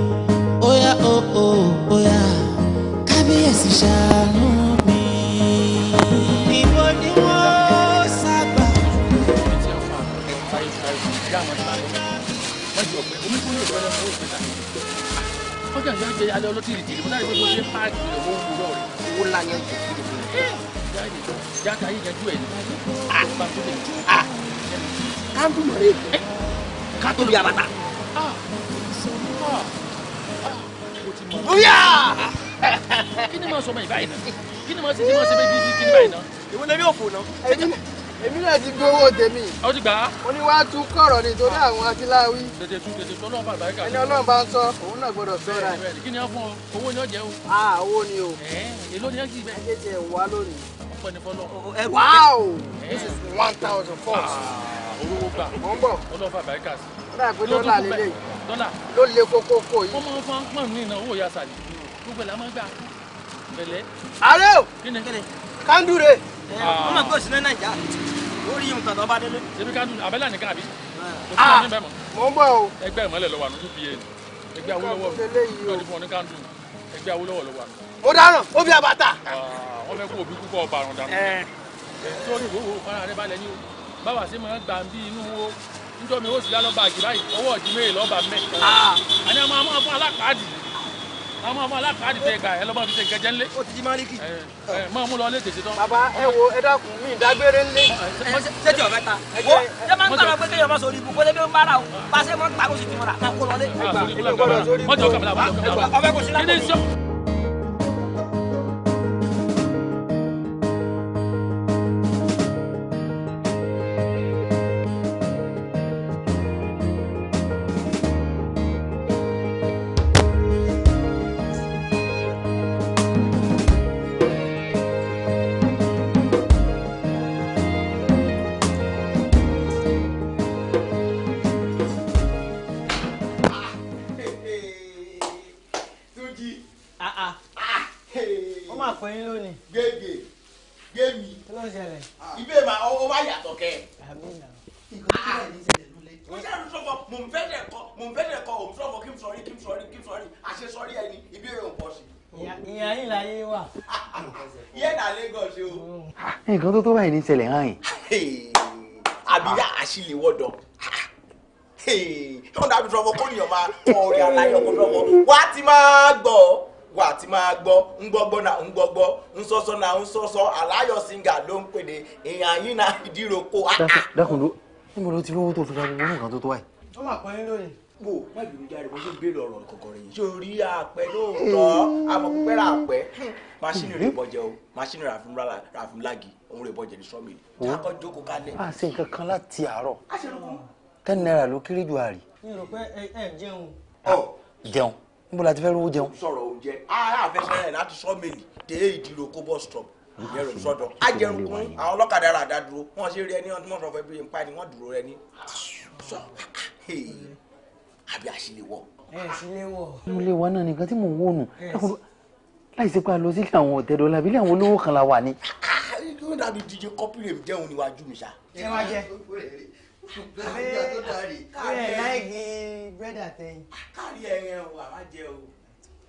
kàn yọ jẹ alẹ́ ọlọ́tì rìndì mo sáré pé mo ṣe páàkì rẹ̀ owó wúrọ̀ rẹ̀ owó ńlá yẹn jù kí ló fi jáde ayé yanjú ẹ̀ ní kándù mọ̀rẹ́ kátó lu yàrá ta. Oya! Kí ni màá sọ ma ìbáyìí náà? Kí ni màá sọ ma ìbáyìí náà? Ìwọ lẹ́bí òfò náà èmi náà ti gbé owó tèmi. ó ti gbà á. mo ní wá tú kọ̀rọ̀ ni torí ah. àwọn akíláwí. tètè tú tètè tú ọlọ́run bá àgbáríkà. ẹni ọlọ́run bá ń sọ òun náà gbọ́dọ̀ sọ́ra kí ni wọ́n fún ọ owó ni ó jẹ́ o. a ah, owó ni o. ẹ èló ni ẹ kì í ẹ jẹ́ wá lónìí. ọpẹ́ ni fọlọ. wow this is one thousand four. Ah, olówó gbà. mo ń bọ̀. ọlọ́run bá àgbáríkà sí. dọ́là pé dọ́là lélẹ̀. ló le kókó kó yìí. wọ́n hmm. máa ń fọ́n wọ́n ah. mọ̀ pé òsínà nàìjà ó rí ohun tọ̀tọ̀ bá délé. ṣebí kánú abẹ́là nìkan àbí. mo ah. ń bọ̀ o. ẹgbẹ́ ìmọ̀lẹ̀ lọ́wọ́ àná tó bí ẹni ẹgbẹ́ Awólọ́wọ̀ lọ́dún fún ọ ní kánú ẹgbẹ́ Awólọ́wọ̀ lọ́wọ́ àná. ó dáràn ó fi àbàtà. Ah, wọ́n fẹ́ kó òbí kúkọ́ ọba àrùn dànù. sórí eh. ìwòwò fara rẹ balẹ̀ ní o báwa ṣe máa gbà ń bí inú wo nítorí mi ó sì lálọ́ bàgì báyìí ọwọ́ ọ̀dì mẹ́rin lọ́ọ́ bà mẹ́. àní a máa fún alápàá dì í àwọn ọmọ alákàádì tẹ gbà ẹ lọ́mọ fi ṣe nǹkan jẹ́ ńlé. ó ti di máríkì. mọ mú lọ lé tètè tán. bàbá ẹ wo ẹ dákun mi ìdágbére ńlé. ṣé tí ọ̀fẹ́ ta. wo ṣé máa ń gbàgbọ́ pé kéèyàn máa sọ orí ibu kó lé bí ń bára o pàṣẹ mọ́ ń ta kó sì ti mọ́ra kó lọ lé. mọ́jọ́ kàmílà wà. ọ̀fẹ́ kò sí lápò wà á ti máa gbọ́ na ńgbọ́gbọ́ nsọsọ na nsọsọ aláyọ̀ singa ló ń pèdè na ìdíròkó. dákun ló níbo ló ti lówó tó fi ra gbogbo nǹkan tó tó wáyé. ó pọ́n yìí. má jáde béèrè ọ̀rọ̀ kọ̀ọ̀kan rẹ̀ yìí. o ràfúnlági òun rẹ̀ ní sọ́ọ̀mì níbo la ti fẹ́ rówó jẹun. sọ̀rọ̀ oúnjẹ ara àfẹsẹ̀ rẹ̀ láti sọ́ọ̀mẹ̀lì dé ìdìrò kó bọ́ stop yẹrù sọ́dọ̀ ajẹrunkun àwọn ọlọ́kadà rà dá dúró wọ́n ṣe rí ẹni ọdún mọ́sán fẹ́ bí n pa ni wọ́n dúró rẹ ní. sọ àbí àṣìlẹ̀wọ̀. ẹ ṣílẹ̀wọ̀. mo lè wá náà nìkan tí mò ń wò nù láì ṣe pé a lọ sí àwọn ọ̀tẹ̀dọ́lá àbí àwọn olówó kan la wà ní. Ah, ah, ah, yóò dàbí díje kọ́pìlẹ̀ jẹun níwájú mi ṣá. ṣé wàá jẹ bẹ́ẹ̀ ni tó dárì. káàrí ẹ̀ láìgì bírẹ́dà tẹ̀yìn. káàrí ẹ̀rẹ̀ o àwa jẹ o.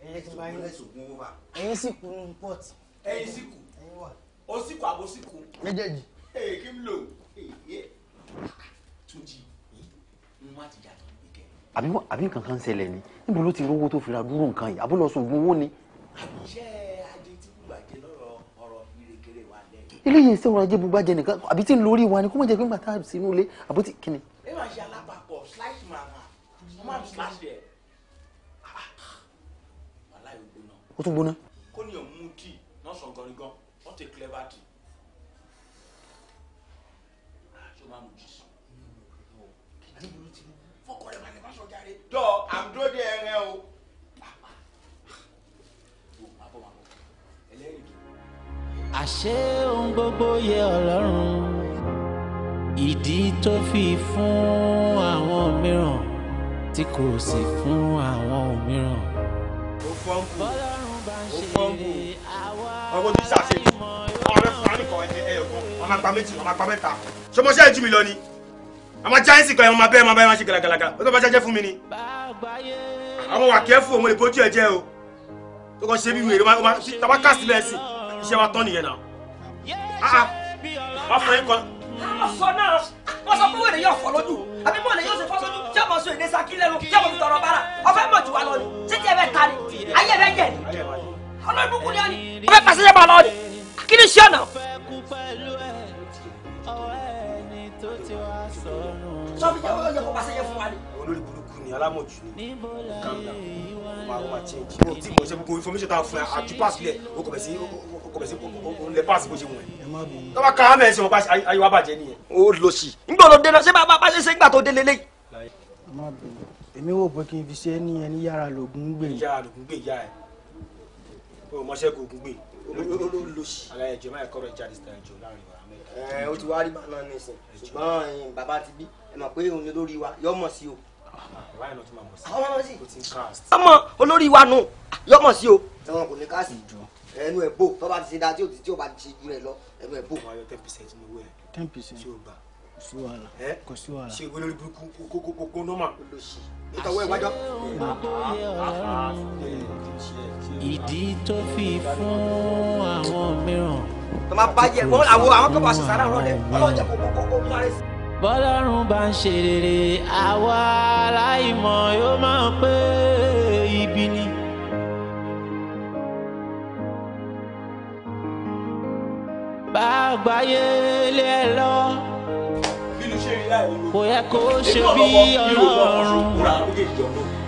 ẹ̀yin tó bá yín lẹ́sọ̀gùn ó bà. ẹ̀yin sì kú nínú pọ́ọ̀tì. ẹ̀yin sì kú. ẹ̀yin wà. o sì kú àbò sì kú. méjèèjì. ee kí n lò. Túnjí n má ti yàtọ̀ nígbẹ́. àbí nǹkan kan ń ṣẹlẹ̀ ni níbo ló ti rówó tó fi ra dúró nǹkan yìí àbó lọ sọ ògùn owó ni. àbíṣẹ́ eléyìí ṣé ọrọ̀ ajé gbogbo ajẹ nìkan àbí tí ń lórí wa ni kó má jẹ́ pé ńgbà tá a sínú ilé àbó ti kíni. ẹ máa ṣe alápapọ̀ slash máa wà wọ́n máa slash rẹ̀ aláìwé gbóná. ó tún gbóná. kó ní òun tí náà sọ gọrígán wọ́n ti clever tí. Ah, ṣé o máa mú jù sí. fọkọ rẹ̀ máa ní má sọ jáde. o. àṣé ohun gbogbo yẹ ọlọ́run ìdí tó fi fún àwọn mìíràn tí kò sì fún àwọn mìíràn. ó fọ́nkù ó fọ́nkù ọkọ tó ṣàṣe ọ̀rẹ́ fúlàní kan ẹ ẹ ọgbọ́n ọmọ apá méjì ọmọ apá mẹ́ta ṣé mo ṣe é jù mí lọ ni àmọ́ jáìsì kan ẹ ọmọ abẹ́ ẹ máa bá ẹ máa ṣe gàlagàlaga ó tó bá jẹ́jẹ́ fún mi ni àwọn wà kẹ́fù òun lè bójú ẹ jẹ́ o tó kàn ṣe bí wèrè ó máa tábà kásìlẹ̀ sí i iṣẹ́ wa tán nìyẹn náà ah, ah wàá fún yín kan. ọ̀sán náà wọ́n sọ pé wèrè yóò fọ́ lójú àbí mọ̀ lè yóò ṣe fọ́ lójú tí ọmọ sọ èdè sakí lẹ́nu tí ọmọ tọrọ bára ọfẹ́ mọ̀ jù wá lọ ni títí ẹ bẹ ta ni ayé bẹ jẹ ni ọlọ́dún kù ni ọ ni ọfẹ́ pàṣẹ yẹn bá lọ ni kí ni iṣẹ́ náà. sọ́fì jẹ́ ọyọ kó pàṣẹ yẹn fún wa ni. olórí burúkú ni alámọ̀jù ni calm down wàá wọ́n máa change. mo ti mọ̀ ṣe gbogbo information tá a fún ẹ àjùpá sílẹ̀ o kò bẹ̀ sí kò bẹ̀ sí kò lè pass bó ṣe wù ẹ́. tọ́ba ká àmì ẹ̀sìn wọn ayé wa bàjẹ́ nìyẹn. ó lọ sí i. ngbọ́dọ̀ dé náà ṣé bá bá ṣe ṣe gbà tó dé lélẹ̀. èmi wò pé kí n fi ṣe é ní ẹni yàrá lògùn gbè. yàrá lògùn gbè yà ẹ o mọṣẹ́ kò gùn gbè. olólùsì. àlàyé ìjọba ẹ̀kọ́ rẹ̀ jáde síta ìjọ láàrin wa ẹ o ti wá rí ẹnu ẹ bò tọ́ba ti ṣe dáa tí o ti tí o bá ti ju rẹ lọ ẹnu ẹ bò. wọn ayọ ten percent ní owó ẹ. ten percent tí o gbà. kò sí wàhálà kò sí wàhálà. ṣe olórí burúkú kó kó kó kó nọ́mà. ìtọ́wọ́ ẹ ìdí tó fi fún àwọn mìíràn. tọ́ba bàjẹ́ mọ́ àwọn àwọn kọ́ bá ṣe sára rọ lẹ ọlọ́jà kò kó kó mú ara sí. bọ́lọ́run bá ń ṣe rere àwa aláìmọ̀ yóò máa pé ibi ni. bá àgbáyé lé ẹ lọ kò yẹ kó ṣe bí ọlọ́run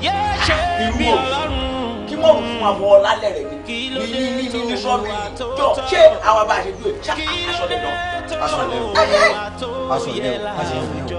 yé ṣe bí ọlọ́run kí wọ́n fún wa lálẹ́ rẹ̀ ni ní ní ní ní sọ́ọ̀bù jọ ṣé àwa bá a ṣe dúró ṣá aṣọ lẹ́nu aṣọ lẹ́nu aṣọ lẹ́nu aṣọ lẹ́nu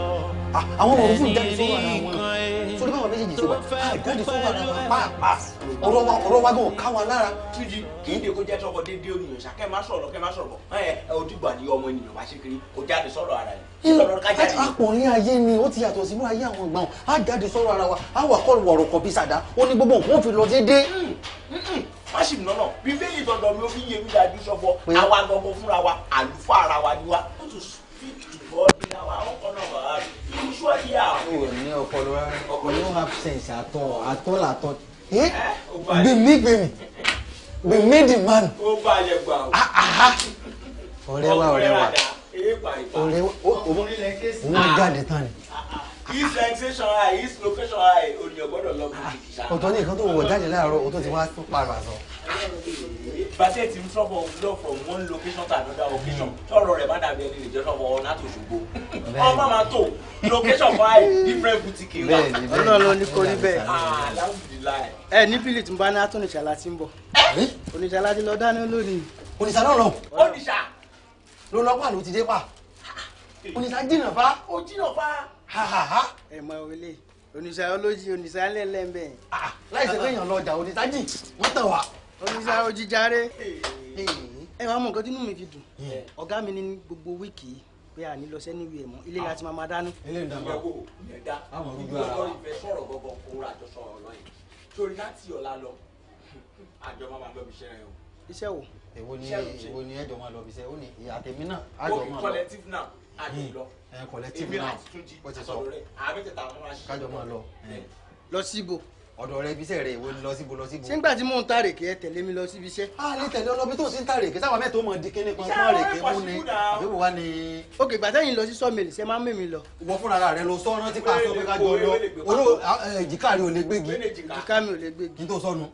àwọn ọ̀rọ̀ fún ìdájọ́ sọ́wọ́ ara wọn sórí báwọn méjèèjì ti wà àìkóòdì fún ah, ah, ah. wa pàápàá ọ̀rọ̀ wa ọ̀rọ̀ wa gan ká wa lára. tuji kì í de kó jẹ́ tọkọ déédéé oníyàn ṣá kẹ́ máa sọ̀rọ̀ kẹ́ máa sọ̀rọ̀ ẹ ojúgbà ni ọmọ ènìyàn wá ṣe kiri kó jáde sọ̀rọ̀ ara rẹ̀. akùnrin ayé ni ó ti yàtọ̀ sínú ayé àwọn ìgbà wọn á jáde sọ̀rọ̀ ara wa á wà kọ́ wọ̀rọ̀ kọ̀ bí sàdá ó ní gbogbo nǹkan ó fi lọ déédéé hmm, hmm, hmm. má sì nà náà bíbélì dandan mi ò fi yé mi dájú sọfọ àwa gbọgbọ fúnra wa àlùfáà ara wa ni wa. ó tún speak to God bí o ní ọpọlọ you no have sense at all at all at all eh be me be me be me the man ah, ah ah ọ̀rẹ́ wa ọ̀rẹ́ wa ọ̀rẹ́ wa òun jáde tán ni ah, ah, his sensation high his location high ònìyàn gbọ́dọ̀ ọ̀tọ̀ ní nǹkan tó wọ̀ jáde láàárọ̀ o tó ti wá pààrọ̀ àṣọ bàtẹ́ ti ń sọ́bọ̀ lọ from one location to another location tọrọ rẹ̀ má dàbí ẹni lè jẹ́ sọ́bọ̀ ọ̀nà tó ṣògbó ọmọ máa tó location five different boutique wa. bẹ́ẹ̀ni bẹ́ẹ̀ni ọ̀nà ló ní kó rí bẹ́ẹ̀. Ah, ẹ ní bílì tí n bá ní atún ìṣàlá ti ń bọ̀ oníṣàlá ti lọ dáná lónìí. oníṣà náà lọ. oníṣà. ló lọ pa ló ti dé pa oníṣà jìnnà pa. ó jìnnà pa. ẹ mọ ilé oníṣà olójì oníṣà lẹ́lẹ́ mbẹ́. Ah, láì ṣe pé èèyàn lọ ọjà oníṣà jì wọ́n tàn wá oníṣà ojíjàre ẹ wàá mọ nǹkan tí inú mi fi dùn ọ̀gá mi ní gbogbo wíìkì pé a ní lọ sẹ́ni ìwé ẹ̀ mọ́ ilé láti máa máa dáná. ilé ìdáná ìyẹ̀wò ẹ̀dá ìgbà ọ̀rọ̀ ìfẹ́ sọ̀rọ̀ gbọ̀ngàn kó ra àjọ sọ̀rọ̀ torí láti ọ̀la lọ àjọ máa máa lọ bí iṣẹ́ o. iṣẹ́ wo. èwo ni èwo ni ẹjọ máa lọ bí iṣẹ́ ó ní àtẹ̀mí náà àjọ máa lọ. collective now àjọ hmm. lọ. Eh, collective now ó ti sọ kájọ máa lọ. lọ sí ibo ọ̀dọ̀ rẹ ibiṣẹ́ rẹ ìwé lọ síbo lọ síbo. sígbà tí mò ń ta rèké ẹ tẹ̀lé mi lọ síbi iṣẹ́. a ah, lè tẹ̀lé ọlọ́bí tó ti ń ta rèké sáwọn mẹ́ta ó mọ̀ di kíní kan mọ́ rèké mú ni àbíwò wá ni. ok gbàtẹ́ yìí lọ sí sọ́ọ̀mìlì ṣe máa ń mímì lọ. wọ fúnra rẹ lọ sọ́ọ́rán tí pàṣẹ ọ̀gbẹ́ká jọ lọ olóò èjìká eh, rẹ ò lè gbégi. èjìká mi ò lè gbégi. kí n tó sọnù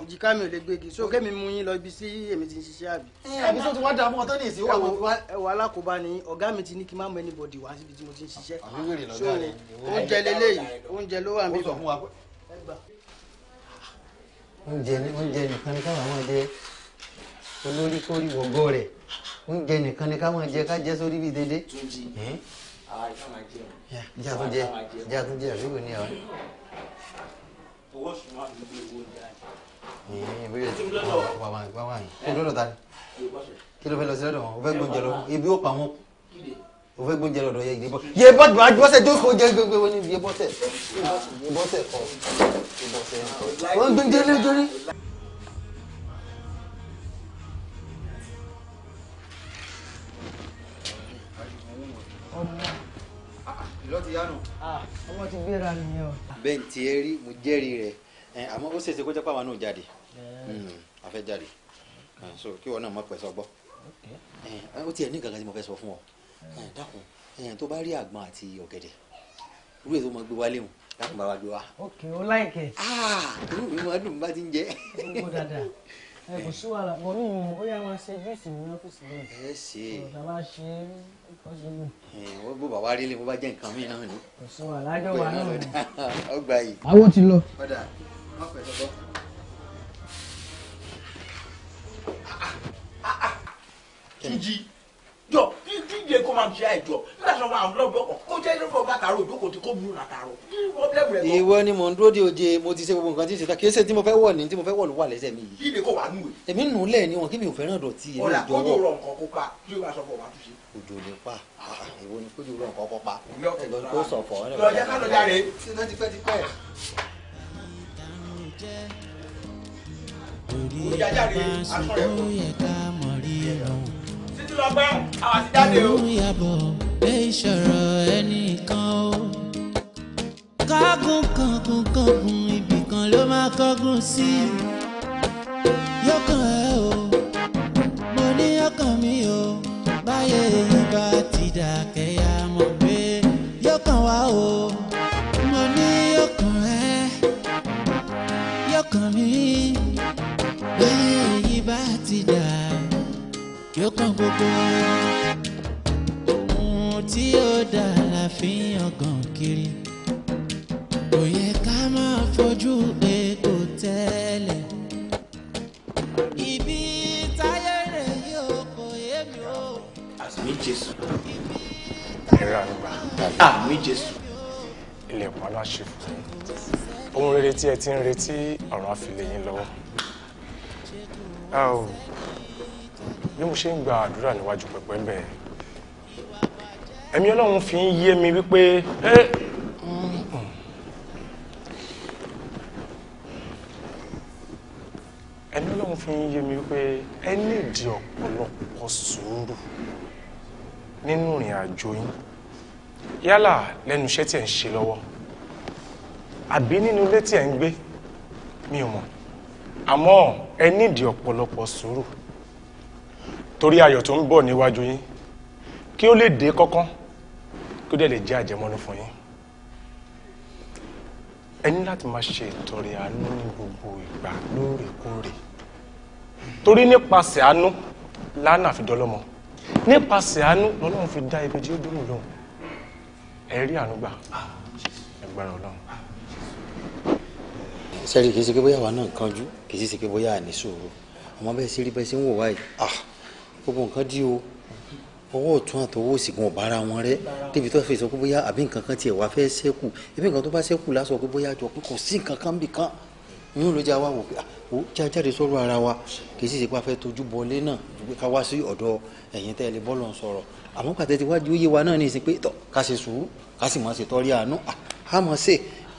ìjìká mi ò lè gbégi so kémi mú yín lọ ibi sí èmi ti ń ṣiṣẹ́ àbí. àbí tó ti wá dààmú ọtọ́ ní èsì wà wọ́n wá. ẹwà alákòóbá ni ọ̀gá mi ti ní kí n má mú anybody wá síbi tí mo ti ń ṣiṣẹ́. so oúnjẹ lélẹ́yìí oúnjẹ ló wà níbí. oúnjẹ oúnjẹ nìkan ni káwọn máa jẹ olórí kórì wọgọ rẹ oúnjẹ nìkan ni káwọn jẹ ká jẹ sórí bíi dédé. jàtúnjẹ jàtúnjẹ àbí wò ni ọ. owó sùn wà níbi owó jáde kí ló fẹ́ lọ sí lọ́dọ̀ wọn o fẹ́ gbóúnjẹ lọ ibi ó pa wọn o fẹ́ gbóúnjẹ lọ́dọ̀ yẹ ìdìbò yẹ bọ́tẹ̀ bá bọ́sẹ̀ tó kó jẹ gbogbo wọn níbi yẹ bọ́sẹ̀ yẹ bọ́sẹ̀ kọ wọ́n gbóúnjẹ lójorí. Ah, ọmọ ti gbéra nìyẹn o. bẹ́ẹ̀ ni tiẹ̀ rí mo jẹ́rìí rẹ̀ ẹ eh, àmọ́ ó ṣèṣe kó jẹ́ pàwọn náà jáde hmm, a fẹ́ jáde eh, so kí wọn náà mọ̀ pẹ̀ sọ gbọ́ ẹ eh, ó tiẹ̀ ní nǹkan kan tí mo fẹ́ sọ fún ọ ẹ dákun ẹ tó bá rí àgbọn àti ọ̀gẹ̀dẹ̀ irú èso máa gbé wálé wọn dákun bá wa gbé wa. ok o láìkẹ. Ah, inú mi máa dùn bá ti ń jẹ. gbogbo dáadáa ẹ kò sí wàhálà pọ̀ nínú ó yá máa ṣe júùsì ní ọ́fíìsì náà. ẹ ṣe é ọ̀dà máa ṣe é ọ̀ṣọ́ mi. ẹ wọ́n bó bàbá rí ilé mo bá jẹ́ nǹkan mi náà ni. kò sí wàhálà àjọ wà náà. ọgbà yìí. àwọn ti lọ. padà má pẹ́ lọ́gbọ́. jíjí jọ jíjí kó máa ṣe àìjọ nígbà tí wọn máa ń lọ bọkọ kó jẹ ilé fún ọba àtàrò ìjókòó tí kò múlò àtàrò ìwọ ni mò ń dúró de oje mo ti ṣe gbogbo nǹkan tí ń ṣe ta kì í ṣe tí mo fẹ́ wọ̀ ní tí mo fẹ́ wọ̀ ló wà lẹ́sẹ̀ mi yìí. kí ni kò wá nù ẹ. èmi nù lẹ̀ ni wọn kí mi ò fẹ́ràn dọ̀tí èmi ò dọ̀wọ́. ọ̀la kójú rọ nǹkan kó pa tí yóò bá sọ fọ wá túnṣe. òjò lè pa ah, ìwọ ni kójú rọ nǹkan kó pa. ìlọ́kẹ́ ló sọ fọ. lọ́jà ká lọ́jà rè é. ṣé náà ti torí bàbá sunkún yẹ ká mọ̀ rí títí lọ pẹ́ àwọn àti jáde o. òun yàbọ̀ pé ìṣòro ẹnìkan o. kágùn kankun kankun ibìkan ló máa kọ́gùn sí i. yọkàn ẹ o mo ní ọkàn mi o báyé èyí bá ti dà kẹ́yà mọ̀ pé yọkàn wá o. mi lẹ́yìn èyí bá ti dà kí ó kàn gbogbo ohun tí ó dà la fi ń kiri kò yẹ ká máa fojú egbò tẹ́lẹ̀. ibi táyé rẹ̀ yóò kò yé o. àmì jésù ẹ̀rọ àgbà àmì jésù ilé ìpàlọ́ àṣẹ fún mi ohun rere tí ẹ ti ń retí ọ̀ràn àfilẹ̀ yín lọ́wọ́ bí mo ṣe ń gba àdúrà níwájú pẹpẹ ń bẹ ẹ̀mí Ọlọ́run fi ń yé mi wípé hmm, ẹ̀mí Ọlọ́run fi ń yé mi wípé ẹ ní ìdí ọ̀pọ̀lọpọ̀ sùúrù nínú ìrìn àjò yín yálà lẹ́nu iṣẹ́ tí ẹ ń ṣe lọ́wọ́ àbí nínú ilé tí ẹ̀ ń gbé mi ò mọ̀ àmọ́ ẹ nídìí ọ̀pọ̀lọpọ̀ sùúrù torí ayọ̀ tó ń bọ̀ níwájú yín kí ó lè dé kọ́kán kí ó dẹ̀ lè jẹ́ àjẹmọ́nú fún yín ẹ ní láti máa ṣe ìtọrẹ àánú ní gbogbo ìgbà lóòrèkóòrè torí nípasẹ̀ àánú lánà fi dọ́lọ́mọ nípasẹ̀ àánú lọ́lọ́run fi dá ibi tí ó dúró lóhùn ẹ rí àánú gbà ẹgbẹ́rún ọlọ́run sẹ́rí kìí ṣe pé bóyá àwa náà kanjú kìí ṣe pé bóyá àní sòro àmọ́ bẹ́ẹ̀ ṣe rí bẹ́ẹ̀ ṣe ń wò wáyé ah gbogbo nǹkan dí o ọwọ́ ọ̀tún àtọwọ́ òsì gan ọ̀bára wọn rẹ débi tó fi sọ pé bóyá àbí nǹkan kan tiẹ̀ wá fẹ́ ṣẹ́kù ẹbí nǹkan tó bá ṣẹ́kù lásọ pé bóyá jọ pé kò sí nǹkan kan bì kan ìyún ló jẹ́ àwa wò pé ó ah, jájáde sọ̀rọ̀ ara wa kì í sì ṣe pé a fẹ́ tojú bọlé náà pé ká wá sí ọ̀dọ̀ ẹ̀yìn tẹ́ ẹ lè bọ́ọ̀lù sọ̀rọ̀ àmọ́ pàtẹ́ ti wájú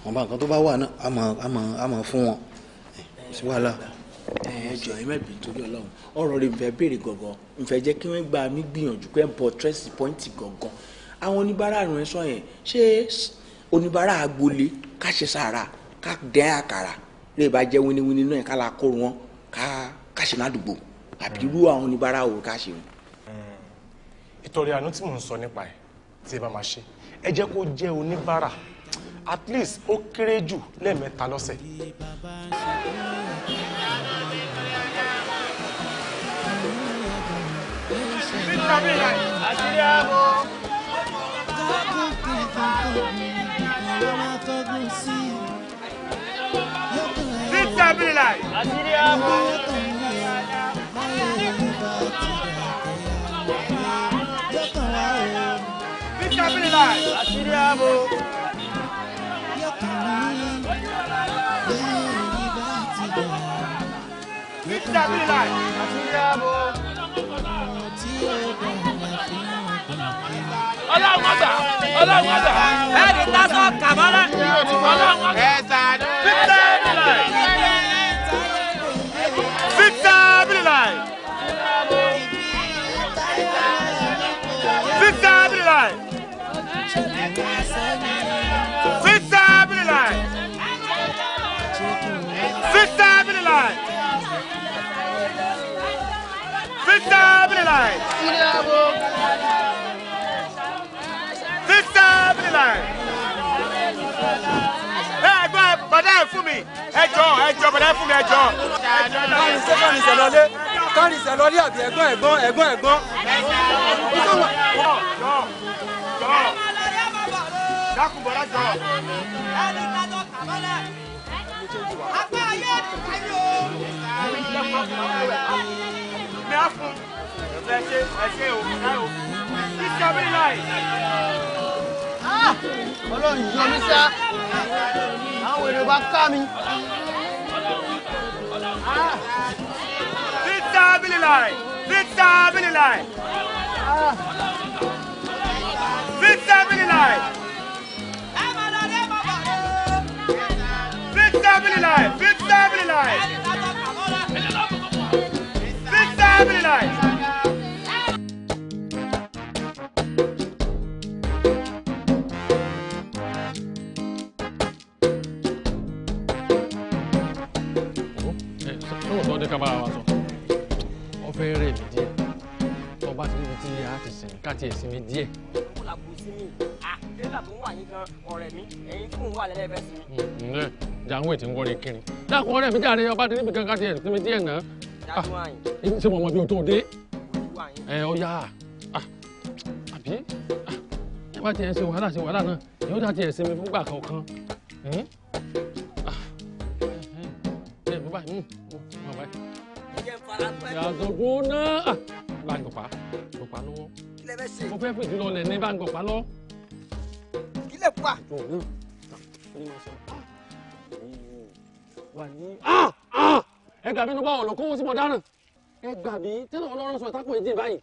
wọn bá nǹkan tó bá wà náà a mọ̀ a mọ̀ a mọ̀ fún wọn sí wàhálà. ẹ ẹ jọ ẹ mẹ́bi torí ọlọ́run ọ̀rọ̀ rẹ̀ nfẹ́ béèrè gangan nfẹ́ jẹ́ kí wọ́n gba mí gbìyànjú pé bọ̀ tírẹ́sì pọ́ìntì gangan àwọn oníbàárà rún ẹ sọ yẹn ṣé oníbàárà agboolé ká ṣe sàrà ká dẹ́ àkàrà lè bá jẹ́ wíníwíní náà ká la kó wọn ká ṣe ládùúgbò àbí irú àwọn oníbàárà wò ká ṣe wọn. àánú tí mò ń sọ nípa ẹ̀ tí ẹ bá máa ṣe ẹ jẹ́ kó jẹ́ oníbàárà at least ó kéré jù lẹ́ẹ̀mẹ́ta lọ́sẹ̀. Victor Billy Live! Àṣírí ààbò! sàbílì láì àtúndé ààbò. ọlọ́run ọgbà ọlọ́run ọgbà ẹ̀ẹ́dì tásán Fixabilidade! Fixabilidade! Ẹ go, bàdá ẹ̀ fún mi, ẹ jọ ẹ jọ bàdá ẹ̀ fún mi ẹ jọ. Káàrin ṣe káàrin ṣe lọlé, káàrin ṣe lọlé àbí ẹ̀gbọ́n ẹ̀gbọ́n ẹ̀gbọ́n ẹ̀gbọ́n. Jọ jọ jọ dákun bọ̀dá jọ. Ẹni ká tó kà mọ́lẹ̀. Apá ayé ti wáyé o èmi á fún ẹ ṣe ẹ ṣe o ẹ o iṣẹ́ mi láì. ọlọ́run yọ mí sá àwọn èrò bá ká mi. títà bílí láì títà bílí láì títà bílí láì. life! Big time life! every night. káti ìsinmi díẹ̀. mo là kù sí mi àtẹ́là tó ń wà yín gan ọ̀rẹ́ mi ẹ̀yin tí mò ń wà lẹ́lẹ́ fẹ́ sí mi. ǹjẹ́ jàǹwé tí ń wọlé kiri. dákun ọ̀rẹ́ mi jáde ọba tí níbi kan káti ìsinmi díẹ̀ náà Ah, ṣé wọn mọ bí o tó dé ẹ ọyà ah, àbí ah, ẹ bá tiẹ̀ ṣe wàhálà ṣe wàhálà náà yóò dá tiẹ̀ sinmi fún gbà kankan ẹ ẹ bọ́ báyìí mọ̀ báyìí. yàtọ̀gbọ́n náà bá gbọ̀pá lọ́wọ́ mo fẹ́ fìdí lọ lẹ̀ ní lọ. kílẹ̀ pa. wà ní ẹ gbà mí nípa ọ̀nà kówó sí mo dáná ẹ gbà tẹ́lẹ̀ ọlọ́run sọ ìtàkùn èdè báyìí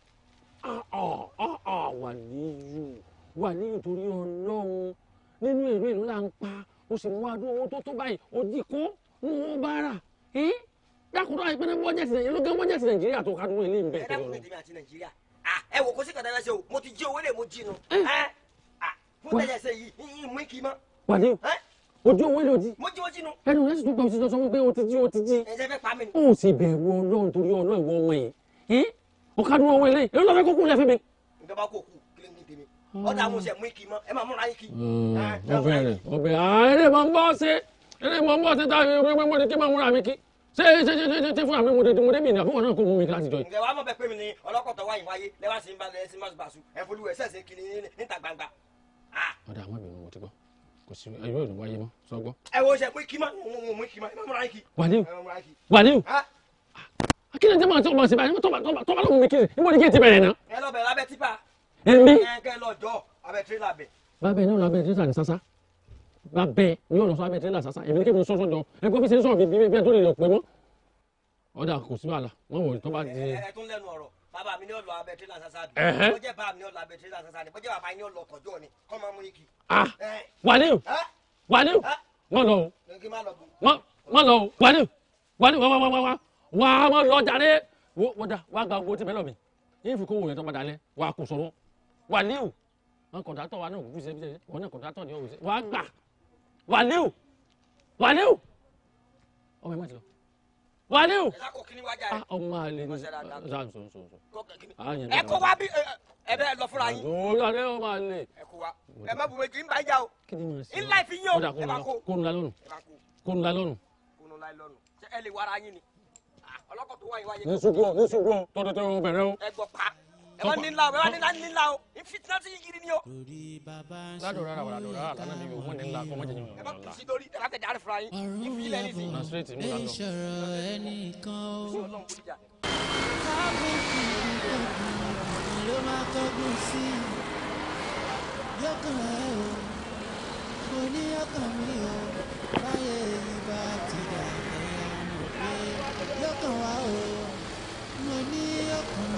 wà níyù wà níyù torí ọlọ́run nínú èrè ìlú là ń pa o sì mú adó owó tó tó báyìí o dì kó ní owó bá rà dákúrò àìpẹ́ ní bọ́jẹ̀tì nàìjíríà ló gán bọ́jẹ̀tì nàìjíríà tó kádùn ilé ìbẹ̀ tẹ̀lé ẹ ojú owó èlò jí. mo jí wọ́n ẹnu rẹ sì tún gbọmọ sí wípé o ti jí o ti jí. ẹ jẹ́ fẹ́ pa mí. o ò sì bẹ̀rù ọlọ́run torí ọlọ́run ìwọ ọmọ yìí ọ̀kadùn ọwọ́ eléyìí èló lọ́fẹ́ kókó lẹ́fẹ́ mi. ìjọba kò kú kílẹ̀ ní tèmi ọ̀dà àwọn ọ̀sẹ̀ mú ikì mọ́ ẹ máa múra ikì. ọbẹ̀ hmm, ah, rẹ̀ ah, ṣé ṣé ṣé ṣé ṣé fúnra mi mo tètè mo débi ìnà náà kò mú mi láti jọ yìí. ǹjẹ́ wàá mọ̀ bẹ́ẹ̀ pé mi ni ọlọ́kọ̀tọ̀ kò sí ẹ̀rọ ìrìn wáyé mọ́ sọ́gbọ́. ẹ wo ṣe pé kí máa ń mú kí máa ń múra kí. wàlíù wàlíù kí ni jẹ́ máa tó máa ṣe báyìí tó bá lóun mi kí ni níbo ni kí n ti bẹ̀rẹ̀ náà. ẹ lọ bẹ̀rẹ̀ abẹ́ tipa. ẹ mi. kẹ́ ẹ lọ jọ abẹ́ tirẹ́là bẹ̀. bàbá ẹ náà lọ abẹ́ tirẹ́là ní sásá bàbá ẹ ní ọ̀nà sọ abẹ́ tirẹ́là sásá èmi kí n sọ́sọ́ jọ ẹ gbọ́ fi ṣe ń sọ̀rọ̀ bíi bíi bíi tó lè lọ pé mọ́. ọ̀dà kò sí wàhálà wọ́n wò tó bàbá mi ní ọ̀lọ́ abẹ tírélà sasa bi bọ́jẹ́ bàbá mi ní ọ̀lọ́ abẹ tírélà sasa ni bọ́jẹ́ bàbá yín ọ̀lọ́ kọjọ́ ni kọ́ máa mú yín kì. wàlíù wàlíù wọn lọ o wọn lọ o wàlíù wàlíù wọn wọn wọn wọn wà wọn lọ jàre wọ́n da wọ́n gba owó tí mẹ́lọ̀ mi yín fi kó wò tó padà lẹ wà kò sọ̀rọ̀ wàlíù wọn kọ̀ǹtàtọ̀ wa náà kúkú sẹ́bíṣẹ́ wọn náà wọ́n gbà wàlíù wale o ah, ọmọ àlè ni ṣáà sọ sọ sọ. ẹ kó wa bí ẹ bẹ lọ fúnra yín. ọmọ àlè wa ẹ má bùnmi kì í bá o. kí ni mo o ẹ bá kó. kónú la lọ́nu kónú la lọ́nu. kónú la lọ́nu ṣé ẹ lè wara yín ni. Ah, ọlọ́kọ̀ tó wáyé wáyé. ní sunkún ní sunkún tọ́tọ́tọ́ bẹ̀rẹ̀ o. ẹ gbọ́ pa ẹ bá ní ńlá o ẹ ní ńlá ní ńlá o ní ti yiri ni o. ládùúrà rà wàlá dùrà àtàná mi ò mú ní ńlá kọ́mọ́jẹ́ ní ńlá. ẹ bá kù sí lórí ẹ bá tẹ̀ dárí fura yín ní fi ilẹ̀ nísìnyí. na straight mú lálọ. ìṣòro ẹnìkan o. kábíyèsí ló máa kọ́gbọ́n sí yọkàn ẹ o mo ní yọkàn mi o báyé ìbá ti dà ẹ̀yà mọ̀ pé yọkàn wa o mo ní yọkàn mi.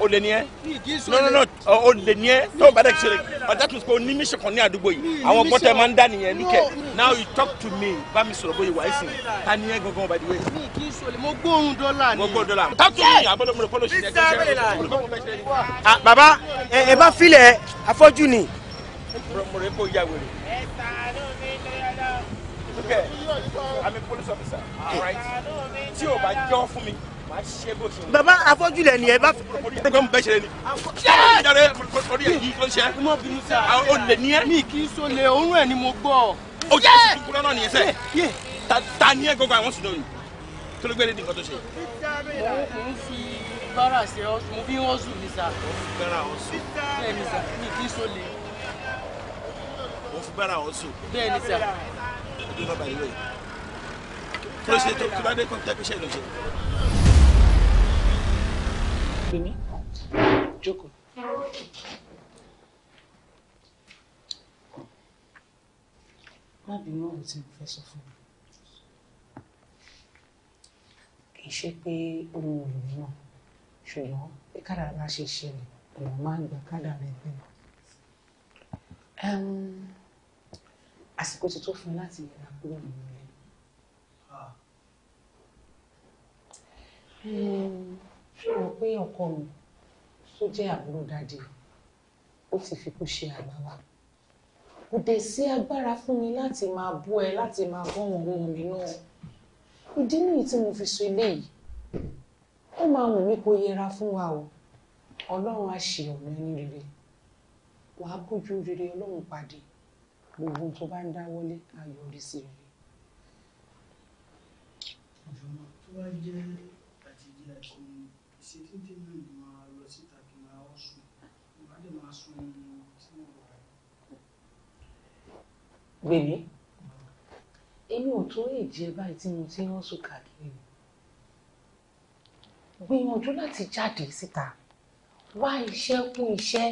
o lè ní ẹ no no no o lè ní ẹ tó o bá dẹ̀ ṣe but that was pé o ní mission kan ní àdúgbò yìí àwọn gbọ́tẹ̀ máa ń dá nìyẹn lúkẹ̀ now you talk to me bá mi sọ̀rọ̀ bóyá wàá sìn ta ni ẹ gangan by the way. mi kì í sọlẹ̀ mo gbóhùn dọ́là ni. mo gbóhùn dọ́là talk to me àbọ̀dọ̀ mo lè follow ṣe ẹ. baba ẹ bá filẹ̀ afọ́jú ni. mo rẹ kó ya wèrè. ẹ sàánú mi lóyún náà. lúkẹ̀ I'm a police officer. all right tí o bá jọ́ fún mi baba afọjulẹ ni ẹ b'a fẹ́. ne ko n bɛɛ sɛlɛ ni. sɛɛ jare o de k'i kɔn sɛ. i ma bínú sa. o le ni yɛ. mi k'i so le o nù ni mo gbọ́. o jẹ sunkura náà nin ye sɛ. ta ta ni yɛ ko ko sunjata yi tolugbe de ni kɔtɔ se. mo ń fi bára ṣe mo fi ń ọsùn mi sa. mo fi bára ọsùn. bẹ́ẹ̀ ni sa mi kì í so le. mo fi bára ọsùn. bẹ́ẹ̀ ni sa. o dun ka bari wẹ̀. kí ló ṣe tó kí ló dé kó tẹ́ kí ṣe lọ ṣe. Bímí, jókòó. Má bínú ọ̀rọ̀ tí mo fẹ́ sọ fún mi. Kì í ṣe pé omi ò lò náà, ṣùgbọ́n bí kádàrá bá ṣe ṣẹlẹ̀, èèyàn máa ń gba kádàrá ẹgbẹ́ wọn. Àsìkò ti tó fún láti yẹra kúrò nínú ilé. Ah ṣé o pé ọkọ mi tó jẹ́ àbúrò dáadé ó ti fi kú ṣe àgbà wa kò dẹ̀ sí agbára fún mi láti máa bú ẹ láti máa bọ́ wọn ọmọ mi náà ìdí nìyí tí mo fi sọ eléyìí ó máa wù mí kó yẹra fún wa o ọlọ́run á ṣe ọ̀nà ẹni rere wàá bójú rere ọlọ́run pàdé gbogbo tó bá ń dáwọ́lé á yọrí sí rere ṣe déédéé náà ni màá lọ síta kí màá wọ́n sùn màá dẹ̀ máa sùn tí mo wà. Gbèmí, èmi ò tó èjì ẹ báyìí tí mo ti ń sùn káàkiri. Gbìyànjú láti jáde síta, wá iṣẹ́ kún iṣẹ́,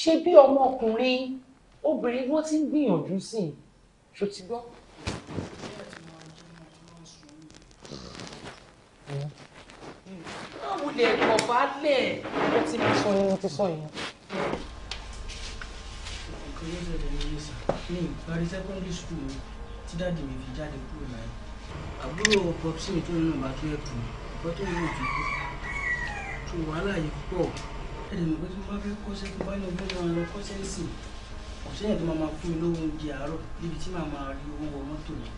ṣe bí ọmọkùnrin obìnrin wọ́n ti ń gbìyànjú sí i, ṣó ti gbọ́ ilẹ̀ ẹ̀kọ́ baálẹ̀ ó ti mú sọ ni mo ti sọ yẹn. ìkọ́lé bẹ̀rẹ̀ ní yéṣà ní ìparí secondary school tí dáàdì mi fi jáde kúrò láyé àbúrò pọpsi mi tó nínú bá tó ẹ̀kú ọkọ tó yẹ òjò kú tó wàhálà yìí pọ̀ ẹ̀rẹ̀ mi pé tí mo bá fẹ́ kọ́ṣẹ́ tó bá yọ gbọ́dọ̀ lọ kọ́ṣẹ́ sí i kò sẹ́yìn tó máa máa fún mi lówó oúnjẹ àárọ̀ níbi tí màá máa rí owó wọ mọ́tò yìí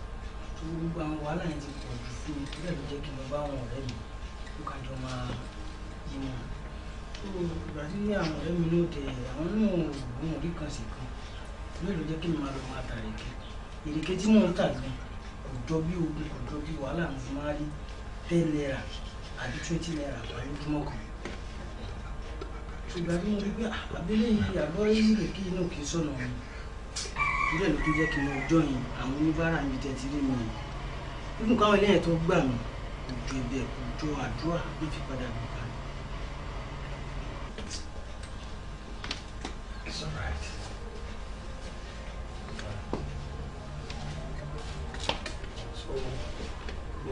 tó gbogbo àwọn wàhálà yẹn ti pọ̀ jù fún mi tó dẹ̀ ló jẹ́ kí n lọ bá àwọn ọ̀rẹ́ mi kó kájọ máa ìgbà tí àwọn ọ̀rẹ́ mi ló dé àwọn náà òògùn orí kan sì kan lóyè ló jẹ́ kí mi máa lọ máa tàrèké èrèké tí mò ń tà gan kò jọ bí ogun kò jọ bí wàhálà mo fi máa rí ten naira àbí twenty naira tó ayé dúmọ̀ kan ṣùgbọ́n bí mo rí pé ah, abẹ́lé yìí àbọ̀rẹ́ yìí èrèké yìí náà kì í sọ̀nà mi ìbílẹ̀ ló tún jẹ́ kí n lọ jọyìn àwọn oníbàárà mi tẹ̀ gbà mí kò ẹ̀bẹ̀ kò àdúrà ló fi padà bọ̀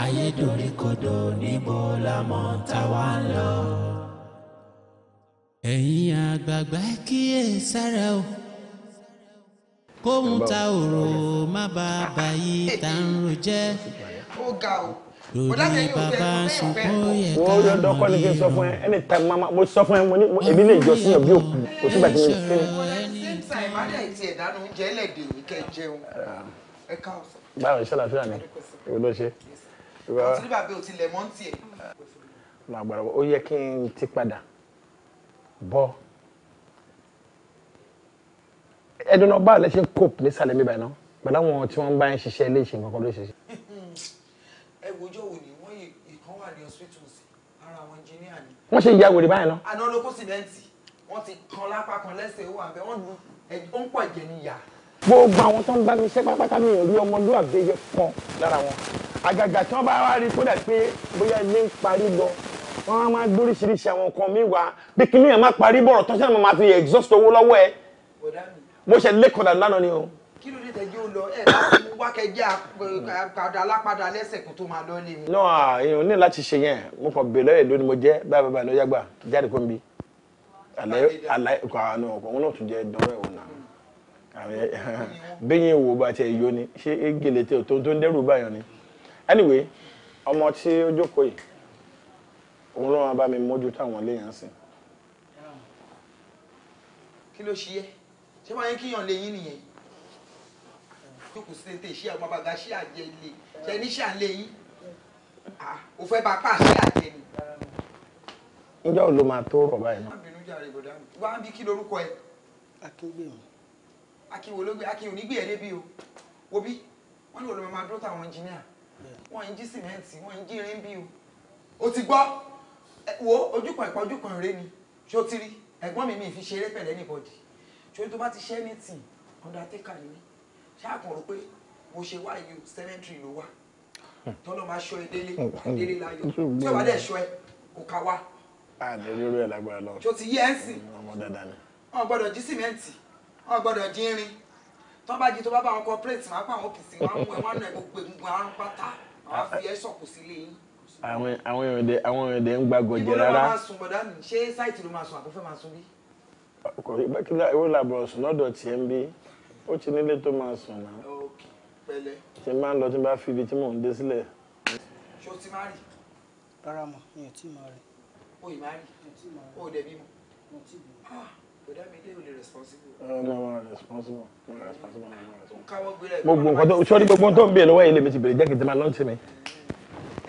ayédoríkodò níbo la mọ̀ tá wà ń lọ. ẹ̀yin àgbààgbà kíyè sára o kóhun ta òrò má bá bàyí tá ń ro jẹ́ lórí bàbá sunkún yẹ ká mọ̀ ní ìrọ̀. ẹni ta mama mo sọ fún ẹ mo ní ebi lè jọ sínú bí òkú kò sígbà tí mo fi. báwo ṣe àlàáfíà ni èwo ọtí bàbá ò tilẹ̀ mọ́ tiẹ̀. màgbàrà ó yẹ kí n ti padà bọ́ ẹdùnú ọba àlẹ́ ṣe ń cope nísàlẹ̀ mi báyìí náà pẹ̀lú àwọn tí wọ́n bá ń ṣiṣẹ́ ilé ìṣe nǹkan kan ló ṣe. ẹ wojọ wo ni wọn ìkan wà ní hospital sí ara àwọn engineer ni. wọ́n ṣe ìyá wèrè báyìí náà. àná ló sìmẹ́ǹtì wọ́n ti kan lápá kan lẹ́sẹ̀ ó wà bẹ́ẹ̀ wọ́n ń pọ̀ jẹ gbogbo àwọn tó ń bá mi ṣe pápátá mi rí ọmọlúwàbí yẹ kan lára wọn àgàgà tí wọn bá wá rí kódà pé bóyá ilé ń parí lọ wọn á máa gbóríṣiríṣi àwọn nǹkan mi wá bí kinní yẹn máa parí bọ̀rọ̀ tó ṣẹlẹ̀ máa fi exhaust owó lọ́wọ́ ẹ mo ṣe lẹ́kọ̀ọ́ dànù lánàá ni o. kí ló dé tẹ́jú ó lọ ẹ̀ láti wá kẹjẹ àpàdà alápàdà lẹ́sẹ̀ kó tó máa lọ lé mi. èèyàn ní láti ṣe yẹn mo kàn bèèrè lọ́yẹ̀ lónìí mo jẹ́ báyìí báyìí lọ́yàgbà jáde kó mi bí àlàyé kò ọkọ̀ òun náà tún jẹ́ dọ́rọ̀ ẹ̀wọ̀n náà bẹ́yìn wo bá tiẹ̀ yó ni ṣé egele tẹ tó ń dẹ́rù báyọ̀ ni anyway ọmọ tí ó jókòó yìí òun ló máa bá mi mójútó àwọn léèyàn sí. kí ló ṣe yẹ ṣé máa ń kíyàn léyìn nìyẹn jókòó sí tètè ṣé àwọn bàbá ṣé àjẹ ilé ṣe ní ṣà ń léyìn ò fẹ́ bá pàṣẹ àjẹ ni. níjọ́ ló máa tó rọ̀ báyìí. wá bí kí lorúkọ ẹ. akéwì mi akin wo ló gbé akin ò ní gbé ẹ̀ débi o wo bí wọ́n ní olùmọ̀ máa dúró táwọn ẹnjìníà wọ́n ń jí sìmẹ́ǹtì wọ́n ń jí irin bí o o ti gbọ́ wo ojúkan ìpa ojúkan ìrẹ́ ni ṣé o ti rí ẹ̀gbọ́n mi mi fi ṣeré pẹ̀lẹ́ anybody ṣé tó bá ti ṣe anything undertaker ni mí ṣáà kàn rò pé mo ṣe wá yìí o cemetery ló wà hmm. tọ́lọ́ máa ṣọ edele edele láyọ̀ tí o bá dẹ̀ ṣọ ẹ kò ká wá. a ní irú ẹ̀ lágbára lọ. ṣé o ti yí ẹ̀ ń sìn. ọmọ dáadáa ni. wọn gbọ́dọ̀ jí sìmẹ́ǹtì wọn gbọ́dọ̀ jí irin tó bá jí tó bá bá wọn cooperate máa pa àwọn òkìsì wọn mú ẹ wọn nà gbogbo egungun pátá àwọn fi ẹ sọkù sílé yín. àwọn àwọn èèyàn dẹ àwọn èèyàn dẹ ń gba gọjẹ rárá. ibo máa sùn bọ̀dá mi ṣé sáìtì ló máa sùn àbúfẹ́ máa sùn bí. kò rí bákílá ìwé làbọ̀ sùn lọ́dọ̀ tiẹ̀ ń bí ó ti nílé tó máa sùn náà. tí máa ń lọ tí bá fi ibi tí mò ń dé sílẹ̀. ṣó gbogbo nǹkan tó sọ́ọ́rí gbogbo tó ń bèèrè lọ́wọ́ yìí lèmi ti bèrè jẹ́ kí n tẹ́ máa lọ́ọ̀tì mi.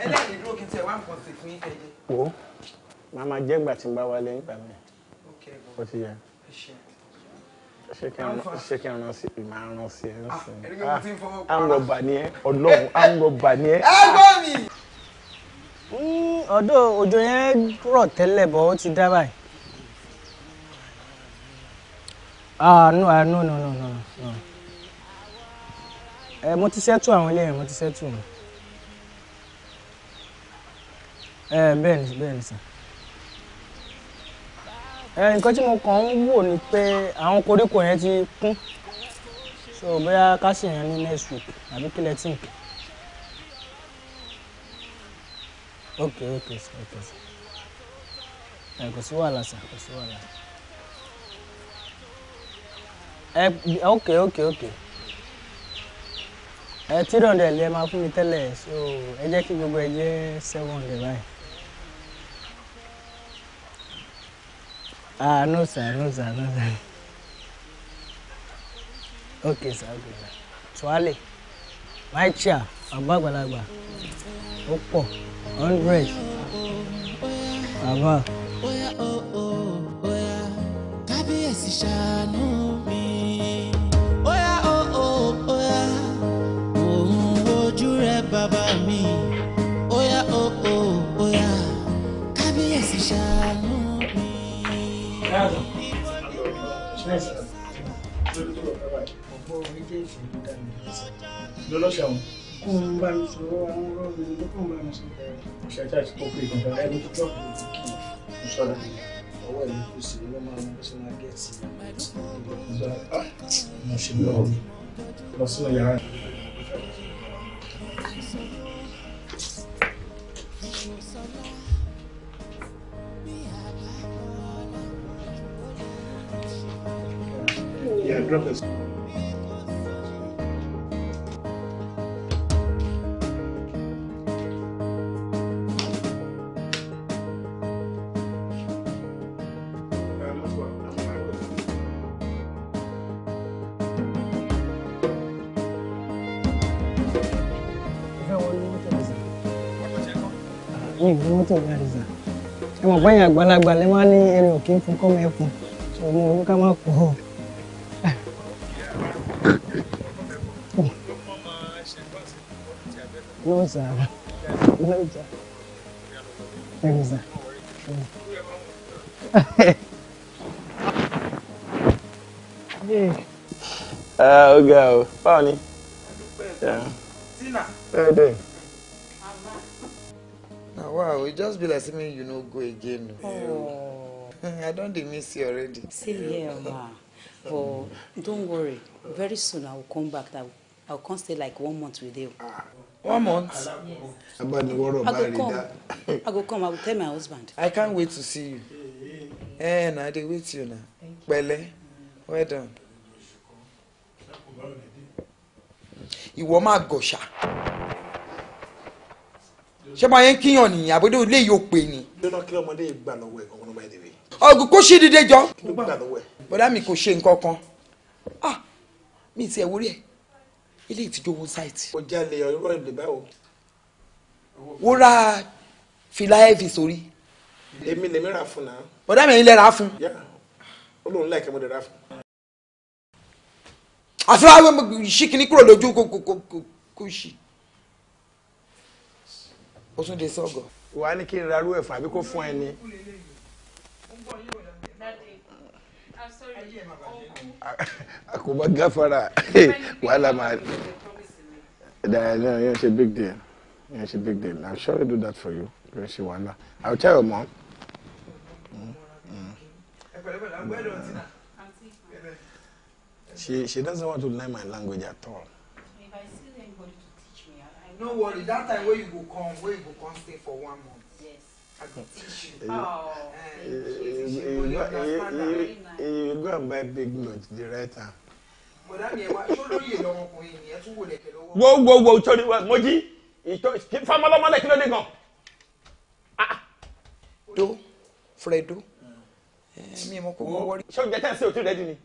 ẹlẹ́yìn dúró kí n tẹ wá nǹkan sí fún yín jẹ. wo màá máa jẹ́ ìgbà tí n bá wálé nígbà mi. ó ti yẹ ṣé kí n ràn sí ẹ máa ràn sí ẹ ń sìn á ń rọba ni ẹ ọlọ́run á ń rọba ni ẹ. ẹ gbọ́ mi. Hmm, ọ̀dọ́ òjò yẹn rọ̀ tẹ́lẹ̀ bọ́ ó ti dá báyìí. Ah, ah no no no no no no eh, mo ti ṣẹ́tù àwọn ilé mo ti ẹ bẹ́ẹ̀ ni bẹ́ẹ̀ ni sà ni pé àwọn koríko yẹn ti kún so o ká sì ní next week àbí kílẹ̀ tí nǹkan. Okay, okay, okay. sà, ẹ ok ok ok ẹ three hundred lẹ máa fún mi tẹ́lẹ̀ so ẹ jẹ́ kí gbogbo ẹ jẹ́ seven hundred báyìí. ah no sir no sir no sir ok sir ok sir tuale my chair bàbá àgbàlagbà ó pọ̀ hundred bàbá. bóyá o oh, ò oh, bóyá kábíyèsí ṣàánú. rẹ bàbá mi óyá ó ó óyá kábíyèsí ṣàánú mi. ọ̀pọ̀ méjèèjì ló dá mi lọ́lọ́ṣà wọn kó ń bá mi sọ̀rọ̀ àwọn ọ̀rọ̀ mi ló bá mi sọ̀rọ̀ ṣàtà àti kókó ẹni tó tọ́ kó kí n sọ̀rọ̀ ọwọ́ ìlú kò sí ló máa ń bó máa gẹ̀ẹ́sì lọ sínú yàrá. Yeah, drop this. us. ní ìlú mọ́tò gáàrí zà ẹ mọ̀ báyìí àgbàlagbà lè má ní ẹni òkè fún kọ́mọ ẹ̀fún òun òun ká má pọ̀ ọ́. No, sir. No, sir. Thank you, sir. Ó ga o, báwo ni? Tina. How you doing? Now, wow, it just be like saying you no go again. Oh. [LAUGHS] I don't dey miss you already. Same here, ma. But don't worry. Very soon I will come back. I will, come stay like one month with you. Ah. One month? Yes. I go come. I go come. I will tell my husband. I can't wait to see you. Eh, na I dey wait you now. Pẹ̀lẹ́, well done. You woman gọ̀ṣà. Ṣé báyẹn kíyàn nìyẹn àbúdó ilé yóò pè ní. Lọ́nà kí ọmọdé gbà lọ́wọ́ ẹ̀ kọ́kọ́ ló ọ̀gùn kó ṣe dédé jọ. bọ́dá mi kò ṣe nǹkan kan ah mi ti ẹ̀ wórí ẹ̀ ilé ìtìjú owó sáìtì. o jalè ọ̀rọ̀ ìlú báwo. wọ́n ra fìlà ẹ̀fì sórí. èmi lèmi rà fún náà. bọ́dá mi ẹ̀yin lẹ́ rà fún. olóhùn láìka mo lè rà fún. àfihàn ṣìkìní kúrò lójú kò ṣì. o tún de sọ́gọ̀. wàá ní kí n rarú ẹ̀fà àbí kó fún ẹ ní àkóbá gáfara wàhálà máa yẹn ṣe big deal yẹn ṣe big deal i'm sure I do that for you yẹn ṣe wàhálà i will tell your mom. She she doesn't want to learn my language at all. If I see anybody to teach me, I, I no worry. That time where you go come, where you go come stay for one month you oh. go and buy big lunch the writer. time. wo wo wo sori wa moji ìtọ́ famọlọmọlẹ kí ló dé gan. Ah, ah. do fredo hmm. eh, mi mọ kó wọ́n wọ́rí. sọ́jà tẹ́ ẹ sí òtún rẹ di ni.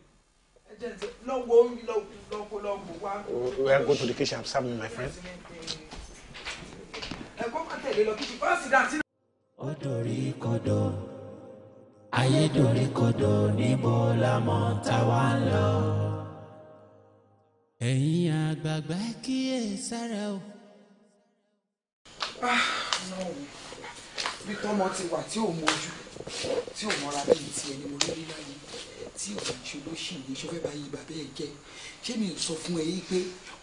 we are going to the kitchen I am serving my friend ó dorí níbo la mọ̀ táwa ń lọ. ẹ̀yin àgbààgbà kíyè sára o. Ah, bí tọ́mọ ti wà tí ò mójú tí ò mọ́ra bíi ti ẹni mo rí rí láyé tí ò ń ṣe olóṣìí ní sọfẹ́ báyìí bàbá ẹ̀ jẹ́ ṣé mi ò sọ fún ẹ yí pé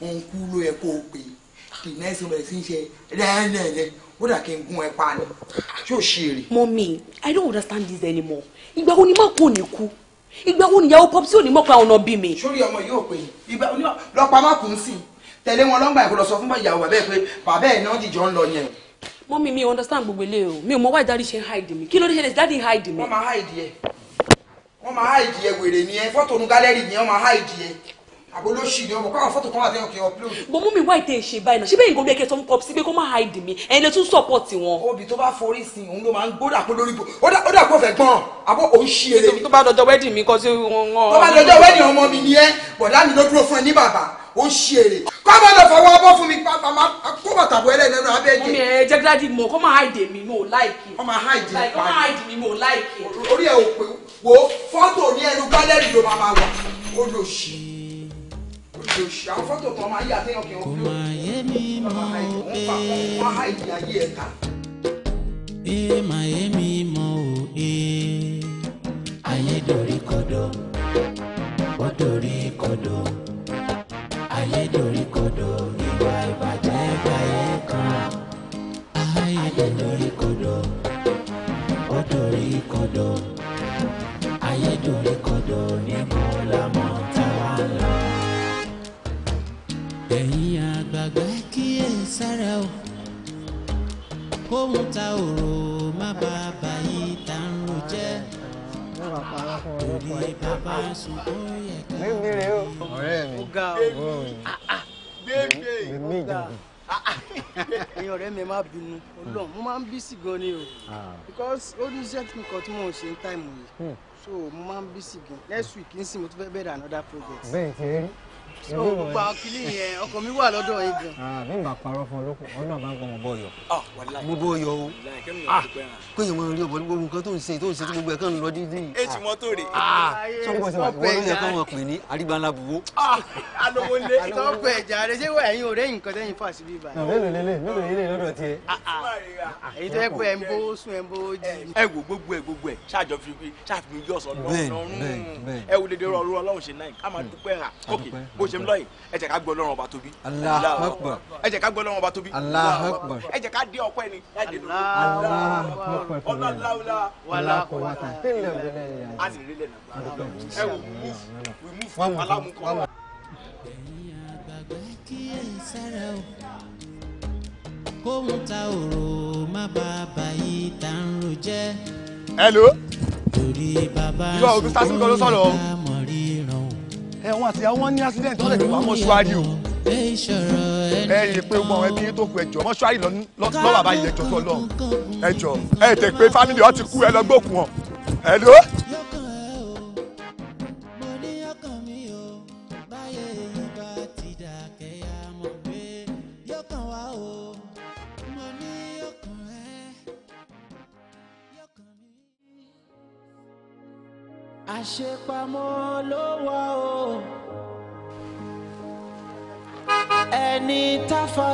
òun kú ló yẹ kó o pè é ìná ẹsẹ bẹ̀rẹ̀ sí ń ṣe rẹ́rẹ́rẹ́ ó dà kí n gún ẹ pa ni yóò ṣe èrè. mọ́mí i don't understand this anymore ìgbà wo ni má kú òní kú ìgbà wo níyàwó pọ́pì tí ò ní mọ̀ pé àwọn ọ̀nà bí mi. sórí ọmọ yóò pè é ìgbà lọ́pàá má kú sí i tẹ̀lé wọn lọ́gbà ẹ̀kọ́ lọ sọ fún ìyàwó bàbá ẹ̀ pé bàbá ẹ̀ náà jìjọ ń lọ yẹn. mọ́mí mi understand gbogbo ilé o mi ò mọ why daddy ṣe ń hide mi kí ló dé ṣe daddy hide mi. wọ́n máa hide yẹ wọ́n máa hide yẹ wèrè ni ẹ fọ́tò onú gálẹ́rì ni wọ́n máa hide yẹ àbólóṣì ni ọmọ káwọn fọ́tò kan wà tẹ́wọ̀n kí wọ́n upload. bó mú mi wá ìtẹ̀ ṣe báyìí náà ṣé bẹ́ẹ̀ ìgbóbi ẹ̀kẹ́ tó ń pọ̀ sí pé kó má hide mi ẹ̀yin lè tún support wọn. obì tó bá forí sí òun ló máa ń gbódà pé lórí ó dà pé ó fẹ́ gbọ́n àbọ̀ òun ṣí eré. tó bá dọjọ́ wedding mi kan sí wọn. tó bá dọjọ́ wedding ọmọ mi ni ẹ bọ̀dá mi ló dúró fún ẹ ní bàbá ó ń ṣe èrè kó bá lọ fọwọ́ ọbọ̀ fún mi pápá máa kó bàtà bọ́ ẹlẹ́nu ẹnu abẹ́ jẹ. mọ́mí ẹ jẹ́ gíláàdì mọ̀ kó máa háìdè mi mo láìkì. kó máa háìdè mi pa kó máa háìdè mi àṣì òṣì àwọn fọ́tò kan máa yí ayé ẹ̀ ká. ẹ máa yé mi mọ́ o ẹ ayé dorí kodò ó dorí kodò ayé dorí kodò ìwà ìbàjẹ́ gbàyẹ kan ayé dorí kodò ó dorí kodò ayé dorí kodò ní mọ́ làmọ́. ẹ̀yin àgbààgbà kíyè sára o kóhun ta òrò má bàa bàyí tá ń ro jẹ́ òní bàbá sunkún yẹ ká. mi mi rè o ọ̀rẹ́ mi gbèbè ah, ah. mi ìjàmbá. Ah, ẹ̀yin ọ̀rẹ́ mi má bínú Ọlọ́run mo máa ń bí sí gan ni o because ó ní iṣẹ́ nǹkan tí mò ń ṣe ń táìmù yìí hmm. so mo máa ń bí sí gan next week n sì mo tún fẹ́ bẹ̀rẹ̀ another project. bẹ́ẹ̀ ti rí so gbogbo akílì yẹn ọkọ mi wà lọ́dọ̀ yìí gan. bí n bá parọ́ fún ọlọ́kùn ọ̀nà bá ń gbọ́ mọ bọ́ọ̀yọ̀ ah, mo bọ́ọ̀yọ̀ o ah, kó yẹn máa rí ọ̀bọ̀ ní gbogbo nǹkan tó ń ṣe tó ń ṣe tí gbogbo ẹ̀ kàn ń lọ dídí. èsì mọ́tò rè. sọ wọn sọ wọn ló yẹ kó wọn pè ní arígbálábuwó. alowolé tọpẹ ẹja rẹ ṣé ẹ̀yin ọ̀rẹ́ yìí nǹkan tẹ̀yin fà síbí ibà. Ah, mélòó lélẹ̀ mélòó lélẹ̀ lọ́dọ̀ tiẹ̀. èyí tó yẹ pé ẹ̀ ń bó sùn ẹ̀ ń bó jí. ẹ wo gbogbo ẹ gbogbo ẹ ṣáàjọ fi ṣáàfin yọ̀ọ̀sán lọ́rùn ẹ wò lè dé ọ̀rọ̀ ọlọ́run ṣe náà ká máa dúpẹ́ rà ókè bó bó ṣe ń lọ yìí ẹ jẹ́ ká gbọ́ Ọlọ́run ọba tóbi. Allahu ẹ jẹ́ ká gbọ́ Ọlọ́run ọba tóbi. Allahu ẹ jẹ́ ká dé ọpẹ́ ni. Allahu Akbar. ọlọ́láwùlá wàlá kọ̀wátà. a sì rí hello. torí bàbá ṣùgbọ́n ìgbà mú ẹ̀wọ̀n àti àwọn ní accident wọ́n lè fi mọ́ṣúárì o ẹ yìí pé gbọ́n ẹbí tó kù ẹjọ́ mọ́ṣúárì lọ́ bàbá yìí ẹjọ́ tó lọ ẹjọ́ ẹ tẹ̀ pé fámìlì ọ ti kú ẹ lọ gbókùn ọ ẹ lọ. àṣepamọ́ ló wà o ẹni táfa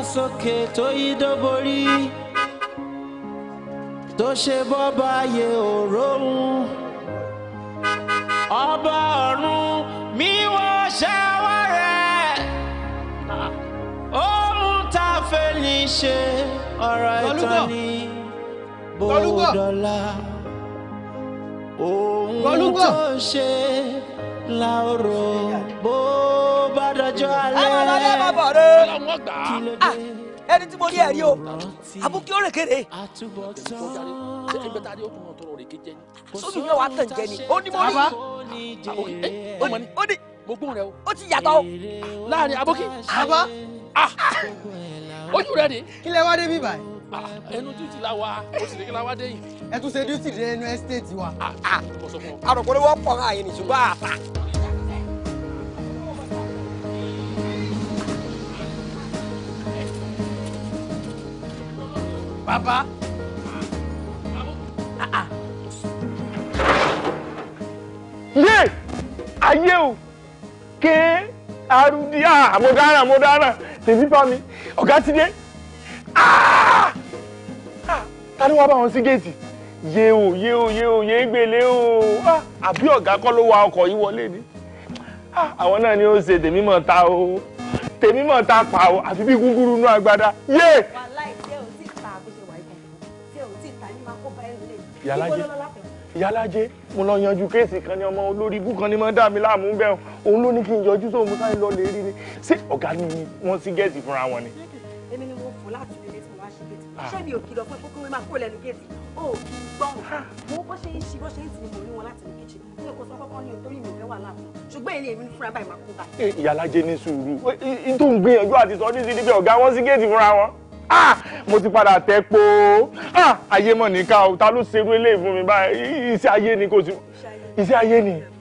tó yí dóborí tó ṣe bọ́ba ayé òróhùn ọba ọ̀run mi wọ́n ṣẹ́wọ́ rẹ̀ ó mú ta fẹ́ ní ṣe ọ̀rọ̀ ìtàn ní bòdọ́lá ohun tó ṣe la ẹni tí mo rí ẹ̀rí o abúkí òrèkèrè. sódù yóò wá tàn jẹ ni ó ní mo rí ó ní gbogbo rẹ o. ó ti yàtọ̀. láàrin abókí. Ah. ojú rẹ ni. kí lè wá débi báyìí. Ah, ẹnu duty la wa o sì ní kí la wá dẹ́yìn. ẹ tún ṣe duty dé ẹnu estate wa. àròkọ ah, ah, ló wọ́pọ̀ ààyè nìṣùgbọ́n àtà. bàbá. yé ayé o ké arúndí àmọ̀dáràn àmọ̀dáràn tèmi bá mi ọ̀gá ti dé. Ah! ta ni wàá bá wọn sí géètì yé o yé o yé o yé gbélé o ah, àbí ọ̀gá kọ́ ló wa ọkọ̀ yìí wọlé ni ah, àwọn náà ni ó ṣe tèmi mọ̀ ta o tèmi mọ̀ ta pa o àfi bí gúgúrú inú agbada yé. yàlájẹ mo lọ yanjú kéèsì kan ní ọmọ olórí ibú kan ní mọ dá mi láàmú bẹ́ẹ̀ òun ló ní kí n yọjú sóun mo sáré lọ lè rí ni ṣé ọ̀gá ni wọ́n sí gẹ̀ẹ́sì fúnra wọn ni. Ah. ṣé mi ò kìlọ̀ fún fúnkúnmi máa kó lẹ́nu géètì ó gbọ́n mo bó ṣe ń ṣe bó ṣe ń tì mí wọn láti ní mi ò kó sọ kọ́kọ́ ní nítorí mi ò fẹ́ wà láàbù ṣùgbọ́n èyí èmi fúnra báyìí máa kú bá. ìyálàjẹ ní sùúrù tó ń gbìyànjú àti sọ níṣẹ́ níbi ọ̀gá wọn sí géètì fúnra wọn ah, mo ti padà tẹ́ po ah, ayé mọ̀ níkà ta ló ṣerú eléyìí fún mi báyìí iṣẹ́ ayé ni kò sí iṣẹ́ ayé ni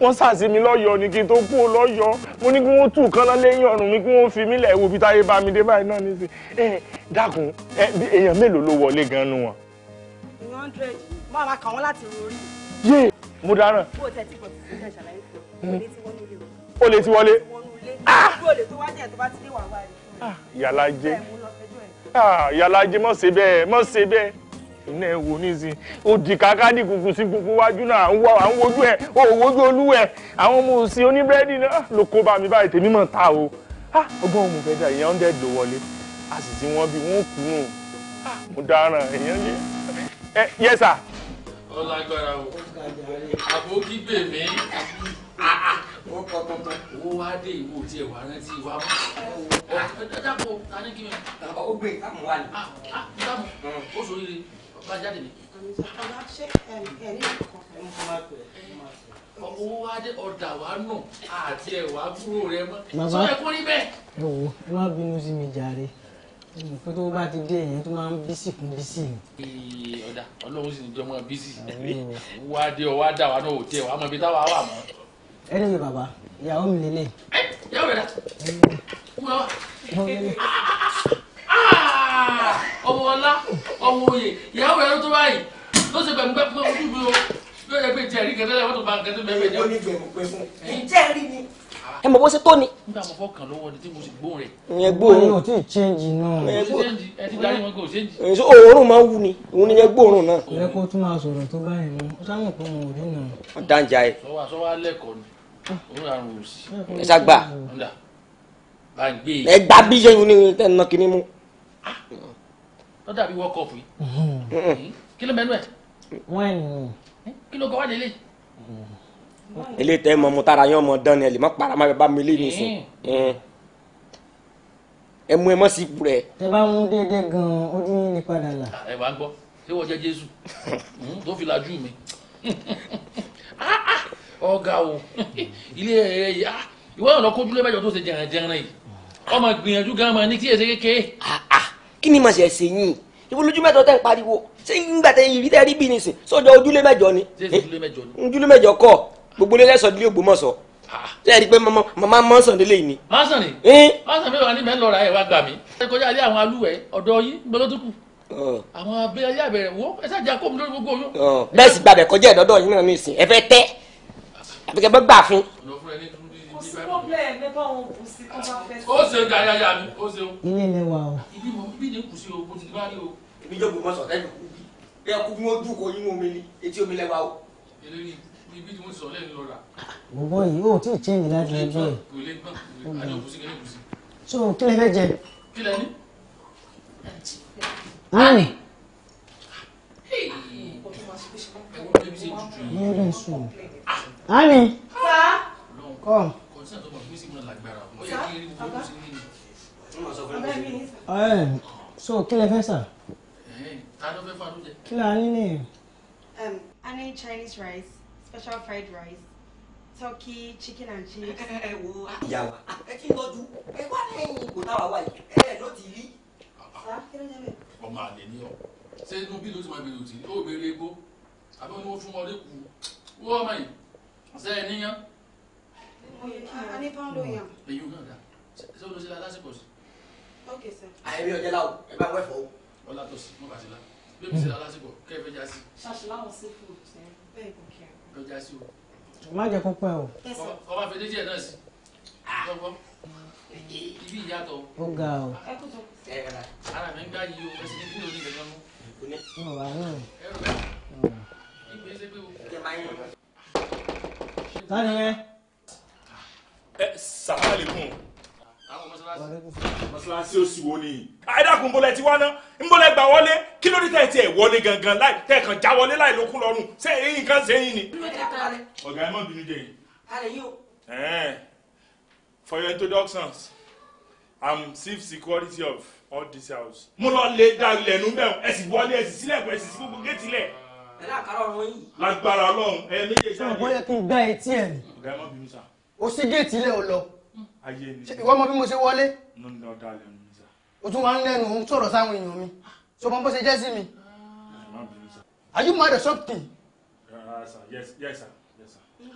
wọ́n sàsí mi lọ́yọ̀ọ́ ni kí n tó kú lọ́yọ̀ọ́ mo ní kí wọ́n tù kán lẹ́yìn ọ̀run mi kí wọ́n fi mí lẹ̀ wo bí táyé bá mi dé báyìí náà nísìn ẹ dákun ẹ èèyàn mélòó ló wọlé gan nu wọn. one hundred máa ma kàn wọ́n láti rori. yé mo dáràn. bó o tẹ hmm. ti pọ̀ sí ìjà ìṣàlàyé fún mi o lè ti wọlé. o lè ti wọlé. Ah, yàlá jẹ ah, yàlá jẹ mọ̀ ṣe bẹ́ẹ̀ mọ̀ ṣe bẹ́ẹ̀ iná ẹ wò nísìn òdì kákádì kùkù sí gbogbo wájú náà à ń wọ wojú ẹ ò wojú olúwẹ àwọn ọmọ òsì oníbírẹ́dì náà ah, ló kó bá mi báyìí tèmi mọ̀ ta o ah, ọgbọ́n òmù fẹ́ dà ìyẹn hundred ló wọlé a sì ti wọ́n bí wọ́n kú un ah, mo dáràn ìyẹn ní. ẹ yẹ sà. ó o àbókí pè owó wá dé ìwò tí ẹ wà rántí wa mọ́. ẹ dábò ta kí mi. ó gbé káàmù wá ní. káàmù hmm. ó sọ yìí má jáde nìkan. ọ̀la ṣé ẹ̀rí kan. ẹ̀mú kọ́ máa pè é máa pè é. owó wa dé ọ̀dà wa nù àti ẹ̀wà búrò rẹ mọ́. sọ ẹ kó rí bẹ́ẹ̀. ẹ wo ẹ má bínú sí mi jàre nǹkan tó bá ti dé èèyàn tó máa ń bísì kún bísì. ọ̀dà ọlọ́run sì ń jọmọ bísì wá dé ọ wá dà wá náà ò tẹ wá mọ ibi táwa wà mọ́. ẹ ní mi bàbá ìyàwó mi lélẹ̀. ìyàwó rẹ̀ dà kúmọ̀ wá. Ah! ọmọ ọlá ọmọ òye ìyàwó ẹ̀rọ tó báyìí ló ṣe pẹ̀lú pẹ́pẹ́ ojú mi o yóò yẹ pé ìjẹ́ rí kẹtẹ́lẹ̀ wọ́n tó bá kẹtẹ́ bẹ́ẹ̀ bẹ́ẹ̀ jẹ́. ó ní gbẹ̀mú pẹ́ fún ìjẹ́ rí ni. ẹ mọ̀ bó ṣe tó ni. nígbà mo fọ́ kàn lọ́wọ́ ni tí mo sì gbóhùn rẹ̀. ìyẹn gbóhùn. wọn ò tí ì chẹ́ǹjì náà. ẹ ti darí wọn kò ṣéǹjì. èso òórùn máa ń wù ni òun ni yẹn gbóhùn náà. ẹ kó tún máa sọ̀rọ̀ tó báyìí mú ó sáwọn pé mo ò rí nà. dáńjà ẹ. sọ wá sọ wá lẹ́kọ̀ọ́ lọ́ dàbí world cup yìí mm-hmm. kí ló mẹ́nu ẹ̀. wọ́n ní. Eh, kí ló kọ́ wá délé. ilé tẹ́ mọ mo tara yán mọ dán ni ẹ lè má para má bá mi lé mi sùn eh. mm. ẹ mú ẹ mọ́ sí ipò rẹ̀. tẹ bá mú déédéé gan-an ó ní ní padà là. Ah, ẹ wá gbọ́ ṣé wọ́n jẹ́ jésù [LAUGHS] mm, tó fi lajú mi [LAUGHS] ah, ah. ọ̀gá o [LAUGHS] ilé rẹ̀ eh, yìí ìwọ náà lọ kójú lẹ́bàjọ́ tó ṣe jẹ̀rẹ̀jẹ̀rẹ̀ yìí wọ́n máa gbìyànjú gan máa ní tí èsè kékeré. Ah, ah. kí ni màá ṣe ṣe yín ibo lójú mẹ́jọ tẹ́ ń pariwo ṣé nígbà tẹ́ ìrí tẹ́ rí bí nìsín sọ́jọ́ ojúlé mẹ́jọ ni. Eh, ojúlé mẹ́jọ kọ́ gbogbo lé lẹ́sọ̀ délé Ògbómọ̀ṣọ́ ah, ṣé ẹ rí i pé màmá mọ́sàn délé yìí ni. mọ́sàn ni eh? mọ́sàn mi wà ní mẹ́lọ ra ẹ̀ wá gbà mí. ṣé kọjá ilé àwọn alúwẹ̀ ọ̀dọ́ yín gbọ́lódúkù oh. àwọn abẹ́rẹ́ yà bẹ̀rẹ̀ wo ẹ ṣáà jẹ́ kó mi lórí gbogbo oyún. Oh. bẹ́ẹ̀ sì gbàgbẹ́ kọjá ìdọ́dọ̀ yín náà ní ìsìn ẹ fẹ́ tẹ́ àfikẹ́ bẹ́ gbà fún kò sí problem ẹ mi ó o. ilé ilé wa o. ibi mo bí ní kù o kò sì bá o. èmi jẹ́ ògùn mọ́sán lẹ́nu kú bí kú bí wọ́n dùn yín omi ni etí omi lẹ́wà o. eléyìí ibi tí wọ́n sọ lẹ́nu lọ́ra. gbogbo yìí yóò tí tí ì ní láti ẹjọ́ yìí. kò lè gbọ́n àjọ kù sí kẹ́lẹ́ kù sí. so kí fẹ́ jẹ. kí lẹ ní. ani. ani. ani. Come so kí lẹ fẹ́ sà. kí la ní ní. a ní Chinese rice special fried rice turkey chicken and chips. [LAUGHS] ẹ eh, wo ìyá ah, [LAUGHS] wa ẹ ti ẹ wá lẹ́yìn ipò táwa wà yìí eh, ẹ ló ti rí. ọmọ àlè ni ọ ṣé inú bí ló ti máa bèrè òtí ó bèrè egbò àbí wọn fún ọdẹ kù wọ́n ọmọ yìí ṣe é níyàn a ní pound oyan. èyí ò náà dá ṣé o lọ sí la lásìkò sí. ok sir. àyẹ̀mí ah, ọ̀jẹ̀ la o ẹ bá wẹ̀ fọ́ o. ọlá tó sí mọ̀ká sí la bí mi sí la lásìkò kẹ́ ẹ fẹ́ já sí. ṣàṣìláwọ̀ sí fún un bẹ́ẹ̀ kò kí ẹ. ẹ já sí o. o má jẹ kó pẹ́ o. ọba fèdè díẹ̀ náà sí. Ah. ibi ìyàtọ̀. ó ga o. ẹ kò tó. ẹ rà. ara mi ń gbá yìí o ẹ sì ní kúrò ní ìgbẹ́ Tani yẹn ẹ sàmúlà oṣù wo ni. àìdàkùn bọ́lá ti wá ná nbọ́lá gbà wọlé kí ló dé tẹ̀ tiẹ̀ wọlé gangan láì tẹ̀ kàn já wọlé láì lókun lọ́rùn ṣé eyín kan ṣe eyín ni. ọ̀gá ẹ má bínú jẹ yìí. for your introductions i'm chief security of all these house. mo lọ lè da ilẹ̀ nù bẹ́ẹ̀ ẹ sì wọlé ẹ sì sílẹ̀kùn ẹ sì sí gbogbo géètì lẹ̀ lágbára ọlọ́run ẹ méjèèjì. ṣé o kò yẹ kí n gbá etí ẹ ni. ọ̀gá ẹ má bínú sáà o sí géètì ilé o ìwọ mọ bí mo ṣe wọlé o tún wá ń lẹ́nu òun sọ̀rọ̀ sáwọn èèyàn mi so mo bó ṣe jẹ́ sí mi ah. are you mad or something. Ah, yes yes sir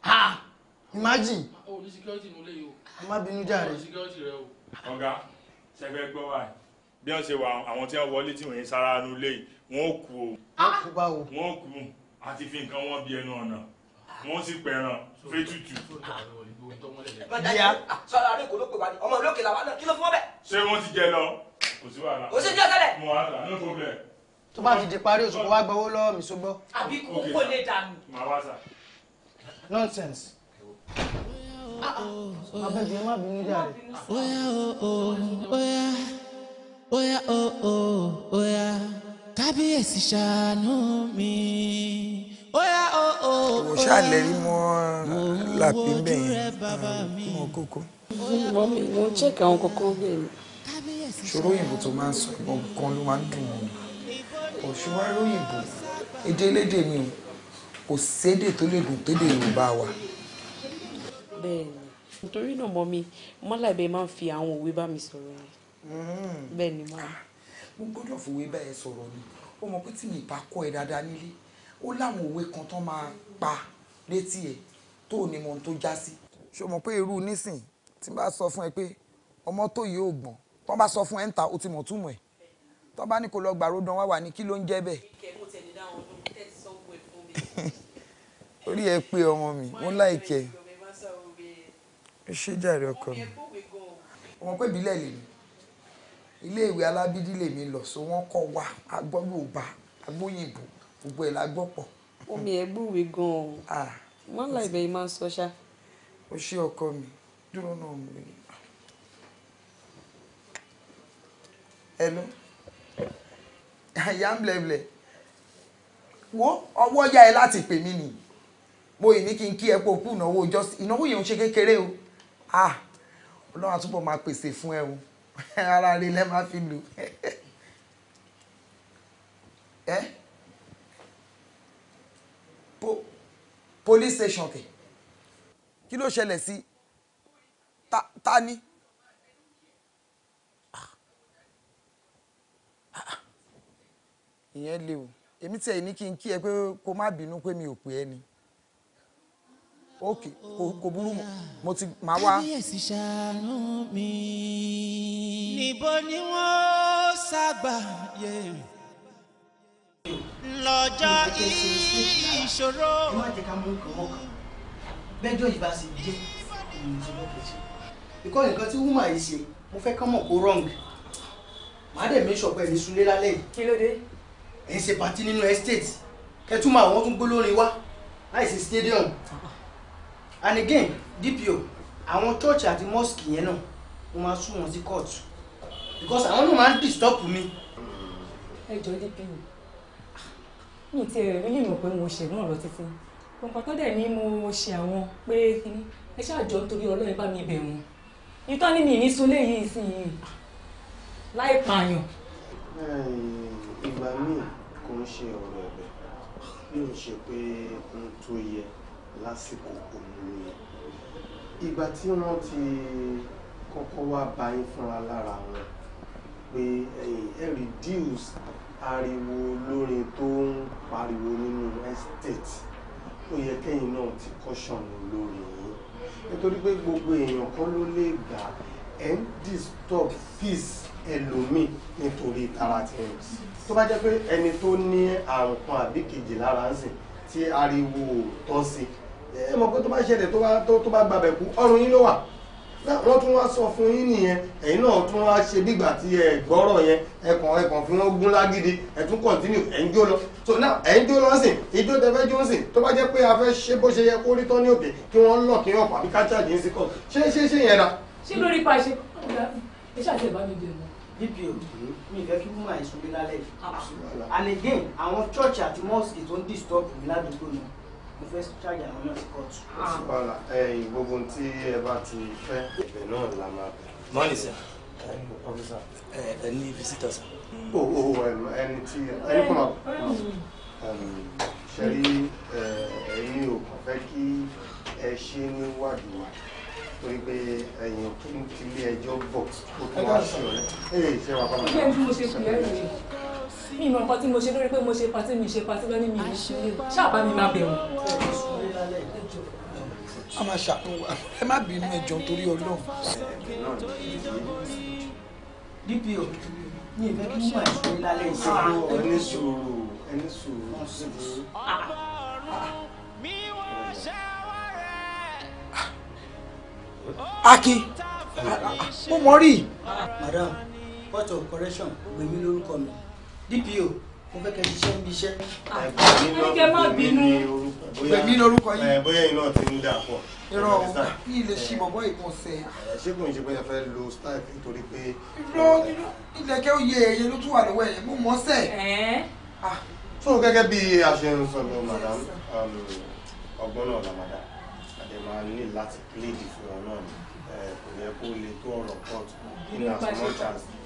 ha imagine. o ní jàre. ọ̀gá ṣẹfẹ́ gbọ́ wa bí wọ́n ṣe wà àwọn tí wọ́n wọlé tí wọ́n yẹn sára nu lé yìí wọ́n kú o. wọ́n kú kú àti fi nǹkan wọn bí ẹnu ọ̀nà wọ́n sì pẹ̀ràn fẹ́tùtù. ìyá sọlá rẹ kò ló pè wá ní ọmọ olókè làwa náà kí ló fún ọ bẹ. ṣé wọ́n ti jẹ lọ kò sí wàhálà. kò sí jẹ́ sẹ́lẹ̀. mo wà á ní kò bẹ̀. tó bá ti di parí oṣù kó wá gbowó lọ́wọ́ mi sógbó. àbí kò kò lè dànù. màá wá sà. nonsense. abẹ́bí ẹ má bínú jáde. oya oya oya oya kábíyèsí ṣàánú mi kò oh, oh, ṣàlẹ̀ rí oh. mọ́ làpín bẹ́ẹ̀ yẹn mọ́ kókó. mo mo check àwọn kankan bẹ́ẹ̀ ni. ṣòro òyìnbó tó máa ń sọ ìbọn kan ló máa ń dùn wọn òṣùwárò òyìnbó èdè elédè mi o kò sédè tó lè dùn tédè Yorùbá wa. bẹ́ẹ̀ni nítorí náà mọ mi mọlá ibẹ máa ń fi àwọn òwe bá mi sọ̀rọ̀ ni hmm. bẹ́ẹ̀ni máa. Ah, mo gbọ́dọ̀ fòwe bá ẹ sọ̀rọ̀ ni ó mọ pé tí mi bá kọ́ ẹ dáadáa nílé ó láwọn òwe kan tó máa pa létí ẹ̀ tó ní mọ̀ tó já sí. ṣé o mọ̀ pé irú nísìn tí n bá sọ fún ẹ pé ọmọ tó yìí ò gbọ̀n tó bá sọ fún ẹ ń ta ó ti mọ̀ túmọ̀ ẹ̀ tó bá ní kó lọ gbàrú dán wá wà ní kí ló ń jẹ́ bẹ́ẹ̀. [LAUGHS] orí ẹ pé ọmọ mi mo láìkẹ́ ẹ jàre ọkọ mi ọmọ pé ìbílẹ̀ lèmi iléèwé alábídí lèmi lọ so wọ́n kọ́ wa agbọ́ Yorùbá agbóyìnbó gbogbo ẹ̀ la gbọ́ pọ̀. omi ẹ̀ gbúwe gan-an [LAUGHS] wọ́n ah, là ibẹ̀ yìí máa ń sọ ṣá. o ṣe ọkọ mi dúró náà mo rí i. hello ń blẹ̀blẹ̀ wo ọwọ́ yá ẹ láti pè mí nìyí mo yìí ní kí n kí ẹ pé òkú ìnáwó ọjọ́ ìnáwó yẹn ń ṣe kékeré o ah ọlọ́run àtúbọ̀ máa pèsè fún ẹ o [LAUGHS] ara rẹ lẹ́ máa fi lù [LAUGHS] ẹ́ police station kẹ̀ kí ló ṣẹlẹ̀ sí ta ni ìyẹn le o èmi tiẹ̀ ní kí n kí ẹ pé kó má bínú pé mi ò pè ẹ́ ni ok kò burú mo ti máa wá. kábíyèsí ṣàánú mi níbo ni wọ́n sábà yẹ̀ lọ́jọ́ ìṣòro. ẹ má jẹ́ ká mú nǹkan mọ́kàn bẹ́jọ́ ìbá sì jẹ́ ìlú tí wọ́n kẹ́ sí. ìkọ́ nǹkan tí wúmà yìí ṣe mo fẹ́ kán mọ̀ kó wrong màá dẹ̀ mí sọ̀pẹ́ mi sunlé lálẹ́ yìí. kí ló dé. ẹ̀ ń ṣe pàtí nínú estate kẹtù máa wọ́n tún gbé wá láìsí stadium and again DPO àwọn church àti mosque yẹn náà mo máa sún wọn sí court because àwọn náà máa ń disturb mi. ẹ jọ DPO mi ti rẹ̀ rí lèmọ̀ pé mo ṣe náà lọ títí nǹkan tó dẹ̀ ní mo ṣe àwọn pé kíní ẹ ṣáàjọ nítorí ọlọ́run bá mi bẹ̀rù ìtọ́ ní mi ní sunlé yìí sí i láì pààyàn. ìgbà míì kò ń ṣe ọ̀rọ̀ ẹ̀bẹ̀ bí mo ṣe pé n tó yẹ lásìkò òun ìgbà tí wọ́n ti kọ́kọ́ wá bá yín fúnra lára wọn pé ẹ reduce ariwo olórin tó ń pariwo nínú estate ó yẹ kẹ́yìn náà ti kọ́ṣọ̀nù lórí yín nítorí pé gbogbo èèyàn kan ló lè gbà ẹ̀ ń disturb peace ẹlòmíì nítorí tara ti rìn tó bá jẹ́ pé ẹni tó ní àrùn kan àbí kejì lára ń sìn tí ariwo ò tọ́ sí ẹ mọ̀ pé tó bá ṣẹlẹ̀ tó bá gbabẹ̀ kú ọrùn yín ló wà wọ́n tún wá sọ fún yín nìyẹn ẹ̀yin náà tún wá ṣe bígbà tí ẹ gbọ́rọ̀ yẹn ẹkàn ẹkàn fún wọn gún lágídí ẹ tún kọ̀ntínú ẹ̀ ń jó lọ so now ẹ̀ ń jó lọ sìn ijó tẹfẹ́ jó sìn tó bá jẹ́ pé a fẹ́ ṣe bó ṣe yẹ kó rí tán ní òkè kí wọ́n lọ kí wọ́n pa àbí ká ṣáàjì ń sí kọ́ ṣé ṣé ṣé yẹn ra. ṣé lórí pa ṣe ẹ ṣáà bá mi dè mọ́. and again àwọn church àti mosque tó ń disturb mi mo fẹ́ ṣáàjì àwọn náà sí kóòtù. ó sì bá la ẹ̀yin gbogbo tí ẹ bá ti fẹ́. ibẹ̀ náà la máa bẹ̀. mọ́nì sẹ́ ẹ ní fisítà o o ẹni tí ẹni kọ́ máa ṣẹ̀rí ẹ̀yin ò kàn fẹ́ kí ẹ ṣe níwádìí wa torí pé ẹ̀yìn kí n tilé ẹjọ́ bọ̀ ó tún wá sí ọ̀rẹ́ ẹ̀ ṣe wà bá mi. ó bẹ́ẹ̀ bí mo ṣe kù lẹ́yìn mi ìmọ̀ nǹkan tí mo ṣe lórí pé mo ṣe patí mi ṣe patí lọ́ní mi ṣáàbá mi máa bẹ̀rù. a máa ṣàtúnwò ẹ má bínú ẹjọ torí Ọlọ́run. DPO mi ò fẹ́ kí mo máa ṣe lálẹ́ ìṣòro ah, ẹni sòrò ẹni sòrò síbi. Ah. Akin mo mọ rí. Madam, court of correction gbèmí lórúkọ mi. DPO mo fẹ́ kẹ́ ṣiṣẹ́ níbi iṣẹ́. Ah. ẹni kẹ́ má bínú pèmí lórúkọ yìí. bóyá iná ti ń dà pọ̀. irọ́ o kí ilé ṣí bọ̀bọ̀ ìkànsẹ̀. ṣé kò ń ṣe bóyá fẹ́ lo style nítorí pé. irọ́ ilẹ̀kẹ́ òye ẹ̀yẹ ló tún wà lọ́wọ́ ẹ̀yẹ mo mọ̀ sẹ̀. Ah. so gẹ́gẹ́ bí a ṣe ń sọ lọ madam um, ọgbọ́n náà la madam àdè máa ní láti plead fún ọ náà kò yẹ kó le tó ọ̀rọ̀ court in as much as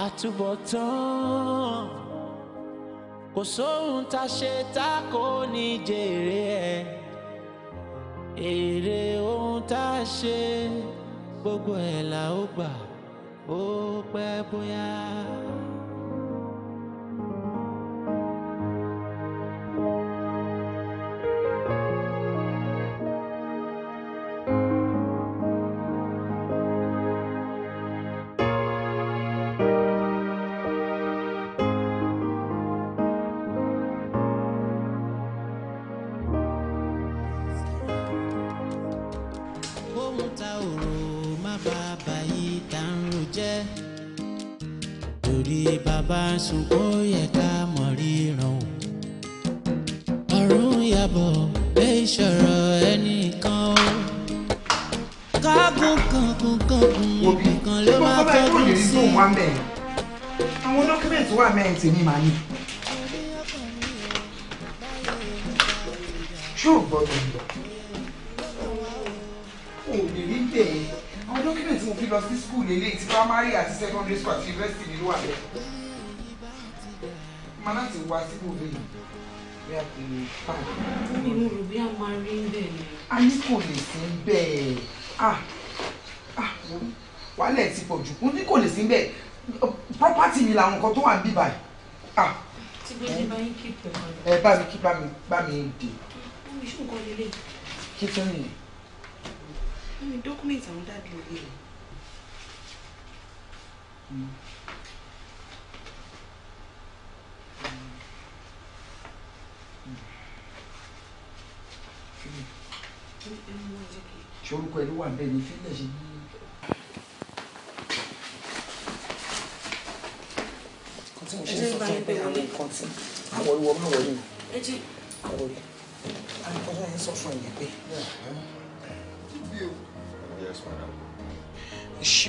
àtúbọ̀tán kò sóhun tá a ṣe tá kò ní jèrè ẹ̀ èrè ohun tá a ṣe gbogbo ẹ̀ là ó gbà ó pẹ́ bóyá. ní five. mi ò bí a máa rí bẹ́ẹ̀ ni. a kò lè sí bẹ́ẹ̀ ah ah wàhálà ẹ̀ ti pọ̀ jù ní kò lè sí bẹ́ẹ̀ property mi làwọn nǹkan tó wà ń bí báyìí ah. tí gbèsè bá yín kíkẹ́ ẹ bá mi kí bá mi bá mi dè. mi ṣe nǹkan lélẹ̀. kí tó nìyẹn. mi dọ́kúmẹ̀ntì àwọn dábìlì rẹ̀. ṣé orúkọ ẹ ló wà bẹ́ẹ̀ ni fílẹ̀ ṣe bí.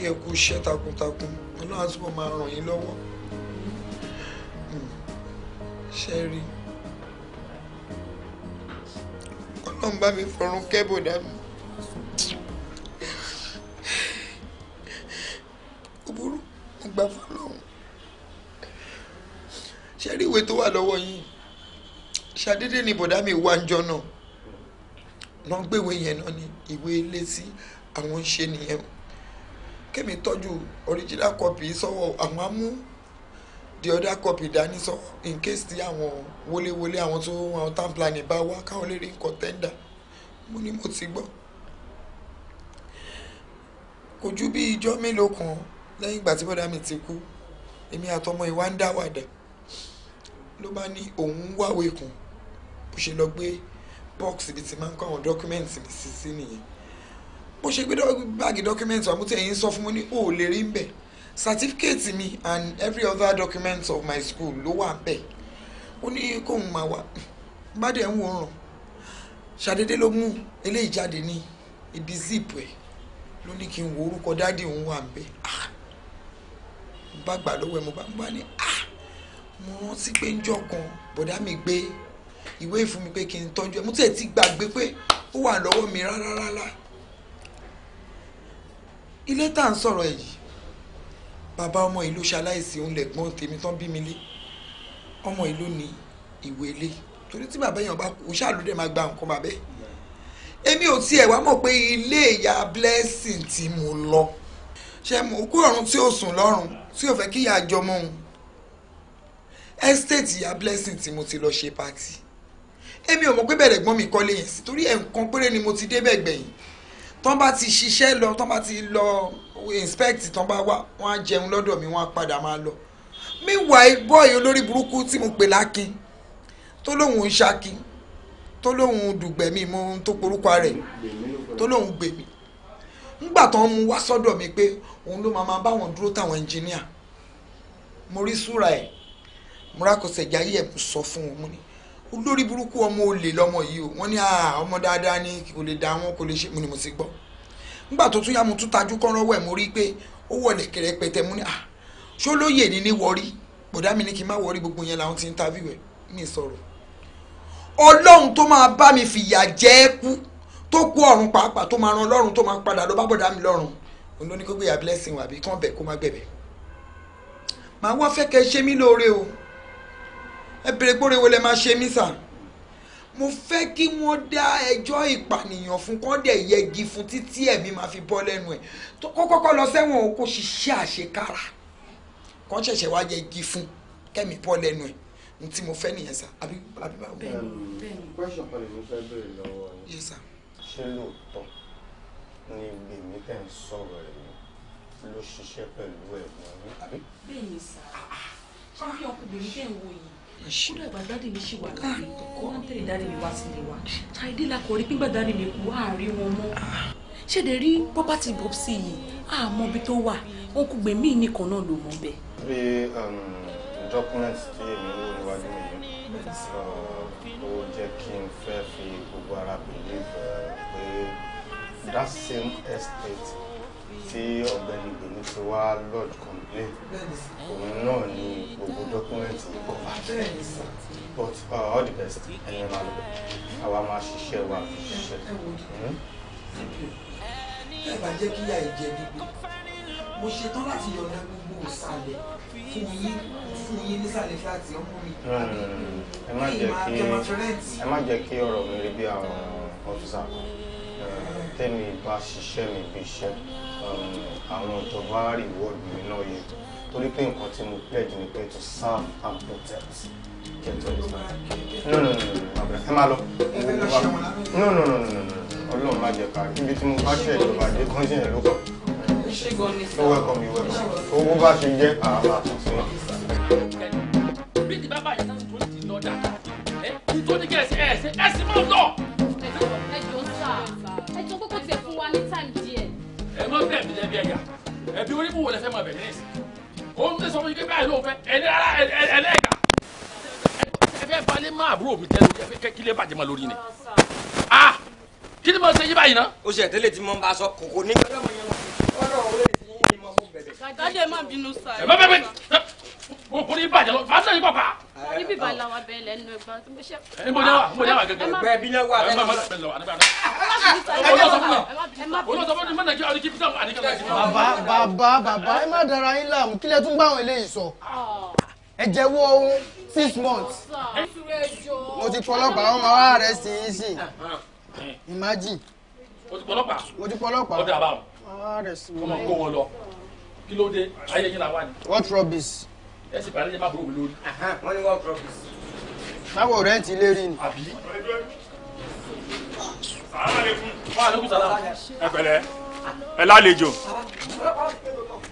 nǹkan tí ṣe takuntakun ọlọ́run á túbọ̀ máa ràn yín lọ́wọ́ hmm. ṣe rí ọlọ́run bá mi fọrún kẹ́bọ̀dá mi. kò burú àgbà fọlọ́hún ṣe rí ìwé tó wà lọ́wọ́ yín ṣàdédé ni bọ̀dá mi wá ń jọ náà náà gbéwé yẹn náà ni ìwé ilé sí àwọn ṣe nìyẹn kẹ́mi tọ́jú original copy sọ́wọ́ àwọn amú the other copy dání sọ́wọ́ in case tí àwọn wọléwọlé àwọn tó àwọn town planning bá wá káwọn lè rí nǹkan tẹ́ndà mo ní mo ti gbọ́ kò bí ijọ́ mélòó kan lẹ́yìn ìgbà tí bọ́dà mi ti kú èmi àtọmọ ìwà ń dáwàdà ló bá ní òun wáwé kùn bó ṣe lọ gbé bọ́ọ̀sì ibi tí máa ń kó àwọn dọ́kúmẹ́ǹtì mi sí sí nìyẹn mo ṣe gbé báàgì dọ́kúmẹ́ǹtì wa mo ti ẹ̀yìn sọ fún mi ní o ò lè rí bẹ́ẹ̀ certificate mi and every other document of my school ló wà bẹ́ẹ̀ ó ní kóun máa wà bá dẹ̀ ń wòran ṣàdédé ló mú eléyìí jáde ní ibi zip ẹ̀ ló ní kí n wo orúkọ dáàdì òun wà bẹ́ẹ̀ ah! mo bá gbà lọ́wọ́ ẹ̀ mo bá mo bá ní ah mo rántí pé njọ́ kan bọ̀dá mi gbé ìwé ìfún mi pé kí n tọ́jú ẹ̀ mo tẹ̀ ti gbàgbé pé ó wà lọ́wọ́ mi rárá rárá ilé tá à ń sọ̀rọ̀ ẹ̀ yìí bàbá ọmọ yìí ló ṣaláìsí òun lẹ̀gbọ́n tèmi tán bí mi lé ọmọ yìí ló ní ìwé ilé torí tí bàbá èèyàn bá kú òun ṣáà ló dẹ̀ máa gba nǹkan bàbá ẹ̀ èmi ò tiẹ̀ wá mọ̀ pé ilé ìyá blessing tí mo lọ ṣe mọ òkú ọ̀run tí ò sùn lọ́rùn tí ò fẹ́ kí ìyá àjọ mọ́ òun estate ìyá blessing tí mo ti lọ ṣe pati èmi ò mọ̀ pé bẹ̀rẹ̀ gbọ́n mi kọ́lé yẹn sí torí ẹ̀ǹkan péré ni mo ti débẹ̀ gbẹ̀yìn tán bá ti ṣiṣẹ́ lọ tán bá ti lọ inspect tán bá wá wọ́n á jẹun lọ́dọ̀ mi wọ́n á padà máa lọ meanwhile boy olórí burúkú tí mo pè lákin tó lóun ń ṣakin tó lóun dùgbẹ̀mí mo tó porúkọ rẹ̀ tó lóun gbèmí ngbà tán mú wá sọ́dọ̀ mi pé òun ló máa máa bá wọn dúró táwọn ẹnjìníà mo rí súra ẹ̀ mo rákọsẹ̀ jáyé ẹ̀ mo sọ fún wọn mo ní olórí burúkú ọmọ olè lọmọ yìí o wọ́n ní ọmọ dáadáa ni kò lè dá wọn kò lè ṣe mo ni mo ti gbọ́ nígbà tó tún yá mo tún tajú kọ́ rọ́wọ́ ẹ̀ mo rí i pé ó wọlé kẹrẹpẹtẹ mo ní à ṣó lóye ní ní wọrí bọ̀dá mi ní kí n má wọrí gbogbo yẹn làwọn ti ń ta fíwẹ̀ mi sọ̀rọ̀ ọlọ́run tó máa bá mi fìyà jẹ ẹ́ kú tó kú ọ̀run pàápàá tó máa ran ọlọ́run tó máa padà lọ bá bọ̀dá mi lọ́rùn olóní kó gbéyà blessing wà bí kán bẹ̀ kó má gbẹ̀bẹ̀ màá wá fẹ́ kẹ́ ṣe mí lóore o ẹ bèrè pé oore lẹ máa ṣe mí sà mo fẹ́ kí wọ́n dá ẹjọ́ ìpànìyàn fún kán dẹ̀ yẹgi fún títí ẹ̀mí máa fi bọ́ lẹ́nu ẹ̀ kó kọ́kọ́ lọ sẹ́wọ̀n o kó ṣiṣẹ́ àṣekára kán ṣẹ̀ṣẹ̀ wá yẹgi fún kẹ́mi bọ́ lẹ́nu ẹ̀ n tí mo fẹ́ nìyẹn sà àbí àbí báwo. bẹ́ẹ̀ni bẹ́ẹ̀ni. question kan ni mo fẹ́ bèrè lọ́wọ́ yín. yes sir. ṣé lóòótọ́ ní ibi mi tẹ̀ ń sọ̀rọ̀ yìí ló ṣiṣẹ́ pẹ̀lú ẹ̀gbọ́n mi àbí. bẹ́ẹ̀ ni sà ṣé bí ọkùnrin tẹ̀ ń wo yìí kódà ìgbà dáàdì mi ṣì wà láàyè kó wọ́n tẹ̀lé dáàdì mi wá sílé wa ṣáìdé la kò rí pígbà dáàdì mi kú àárín wọn mọ́ ṣéde rí property bobsi yìí àmọ́ ibi tó wà wọn kò gbèmí nìkan náà ló mọ̀ bẹ́ẹ̀. bí um, document tí èmi wò níwájú mi uh, ó jẹ́ kí n fẹ́ fi gbogbo ara bèlè uh, pé that same estate tí ọ̀gbẹ́ni gbèmí ti wá lord complain òun náà ni gbogbo dọ́kúmẹ́ǹtì ìbọn bá but uh, all the best ẹ̀yin máa lọ àwa máa ṣiṣẹ́ wa fi ṣiṣẹ́. Hmm? ẹ bá jẹ́ kí ìyá ìjẹ́ gbígbó mo ṣetán láti yọ̀nà gbogbo ìsàlẹ̀ fún yín fún yín nísàlẹ̀ fúláàtì ọmọ mi àbí hmm, ẹ má jẹ́ kí ọ̀rọ̀ mi rí bí àwọn ọ̀fíìsà kan tẹ́mi bá ṣiṣẹ́ mi bí iṣẹ́ um, àwọn ìjọba reward mi náà yẹ torí pé nǹkan tí mo pledge ni pé to serve and protect kẹtọ no no no no ẹ máa lọ no no no no no ọlọ́run má jẹ́ ká níbi tí mo bá ṣe ìjọba dé kọ́ńsìn ẹ̀ ló kọ́ ó wẹ́kọ̀ mi wẹ́kọ̀ owó bá ṣe jẹ́ àbá tuntun. bí ti bá bàjẹ́ sáà tó ti lọ dáadáa ẹ nítorí kí ẹ ṣe ẹ ṣe máa ń bẹ̀ mí lẹ́bi ẹ̀yà ẹ̀bi orí ìwòlẹ̀ fẹ́ máa bẹ̀ mí nìyẹn òun tẹ sọ fún mi pé báyìí ló fẹ́ ẹni rárá ẹni ẹ̀gà ẹ fẹ́ balẹ̀ máa àbúrò mi tẹ́lẹ̀ ẹ fẹ́ kí lè bàjẹ́ máa lórí ni ah kí ni mo ṣe yí báyìí ná. o ṣe tẹ́lẹ̀ tí mo ń bá a sọ kòkò ní. ọ̀rọ̀ òun lè ti yín ni mo fún bẹ̀rẹ̀. ẹ má bẹ̀rẹ̀ o ọkùnrin bàjẹ́ lọ fàáṣà yìí pàpà. ní bíbá làwọn abẹ ilẹ̀ nínú ẹgbẹ́ tó ṣe. ẹ mọ̀ jẹ́ wà mọ̀ jẹ́ wà gẹ́gẹ́. bẹ́ẹ̀ bí náà wà ẹ má bẹ̀rẹ̀ lọ àdìgbà dá. olóòtú mi mọ̀nà kí ọdún kí pítà àdìgbà dá. bàbá bàbá bàbá ẹ má dara yín láàmú kílẹ̀ tún bá àwọn eléyìí sọ. Ah. ẹ jẹ́ wọ́ ohun six months. Ah. mo ti pọlọ́pàá wọn máa wá rẹ̀ sí í sí imagine. mo ti pọlọ́pàá. mo ti pọlọ́pàá. ó dà bá wọn. wọ́n máa kó wọn lọ kí ló dé ayé yín làwọn. what rubbish ẹ sì parí ẹ má burú lórí. wọ́n ní wọ́n kúrọ̀ fún mi. báwo rẹ́ǹtì lè rí ni. àbí. wà á lókun sàlá. ẹ pẹ̀lẹ́ ẹ lálejò.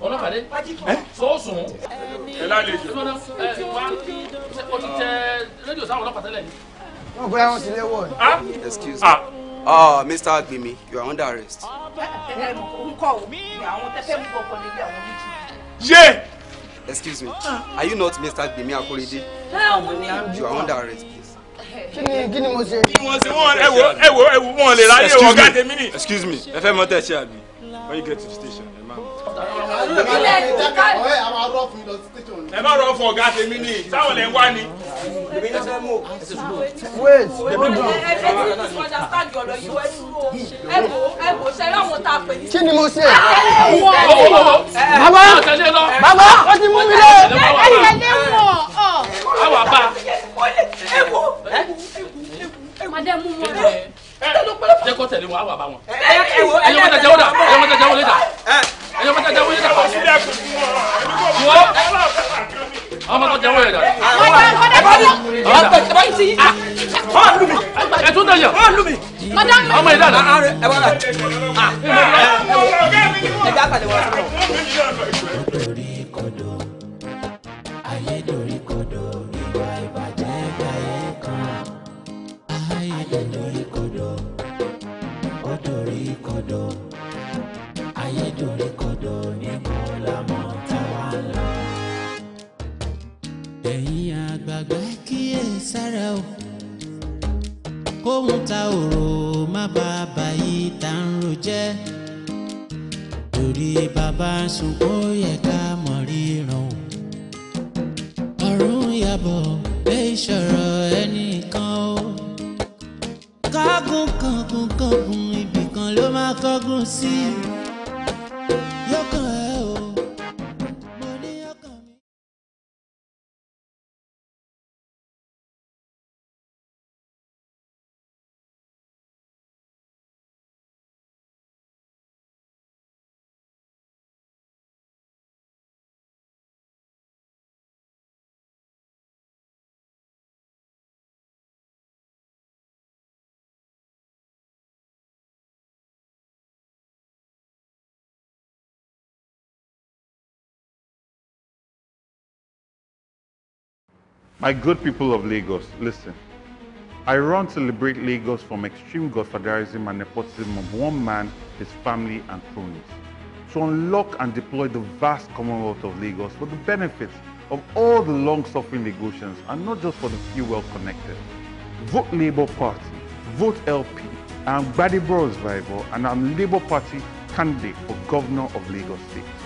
ọlọ́pàdé sọ́ọ̀sùn. ẹ lálejò. ẹ wá o ti tẹ rédíò sáwọn ọlọ́pàá tẹ́lẹ̀ ni. wọ́n bóyá wọ́n ti lé wọ̀ ni. excuse me. Ah, uh, Mr. Agbimi, you are under arrest. Ṣé! excuse me ah. are you not Mr. Gbemi Akorede you are under arrest please. kí ni kí ni mo ṣe. kí wọ́n ṣe wọ́n ẹ wo ẹ wo ẹ wo wọ́n lè ráyè ọ̀gá ni. excuse me ẹ fẹ́ mọ tẹ̀ ṣe àbí when you get to the station ẹ máa. ẹ má rọ fún ọ̀gá tèmi ni táwọn lè ń wá ni èmi ló fẹ́ mú. wait èmi bọ̀. ẹ fẹ́ understand ọ̀rọ̀ yìí wẹ́n mú o ẹ wò ẹ wò ṣe é àwọn tá a pè ní. kí ni mo ṣe. bàbá bàbá o ti mú mi lé. ẹ tẹ̀lé wọn. a wà bá. ẹ wò ẹ wò. madam mú wọn lọ jẹ kó tẹ̀lé wọn a wà bá wọn. ẹ wo ẹ ọmọ tó jẹun ẹ̀dá. ẹ tún tẹ̀yà ọmọ ẹ̀dá náà. ẹ wá rà ẹ wá rà ẹ gbà pàdé wọn. kóhun ta òrò má bàa bàyí ta ń ro jẹ́ torí bàbá sunkún yẹ ká mọ̀ ríran o ọ̀run yàbọ̀ pé ìṣòro ẹnìkan o kágun kangun kangun ibìkan ló máa kọ́gun sí i. My good people of Lagos, listen. I run to liberate Lagos from extreme godfatherism and nepotism of one man, his family, and cronies. To unlock and deploy the vast Commonwealth of Lagos for the benefits of all the long-suffering Lagosians and not just for the few well-connected. Vote Labour Party, vote LP. I'm Bros rival and I'm Labour Party candidate for Governor of Lagos State.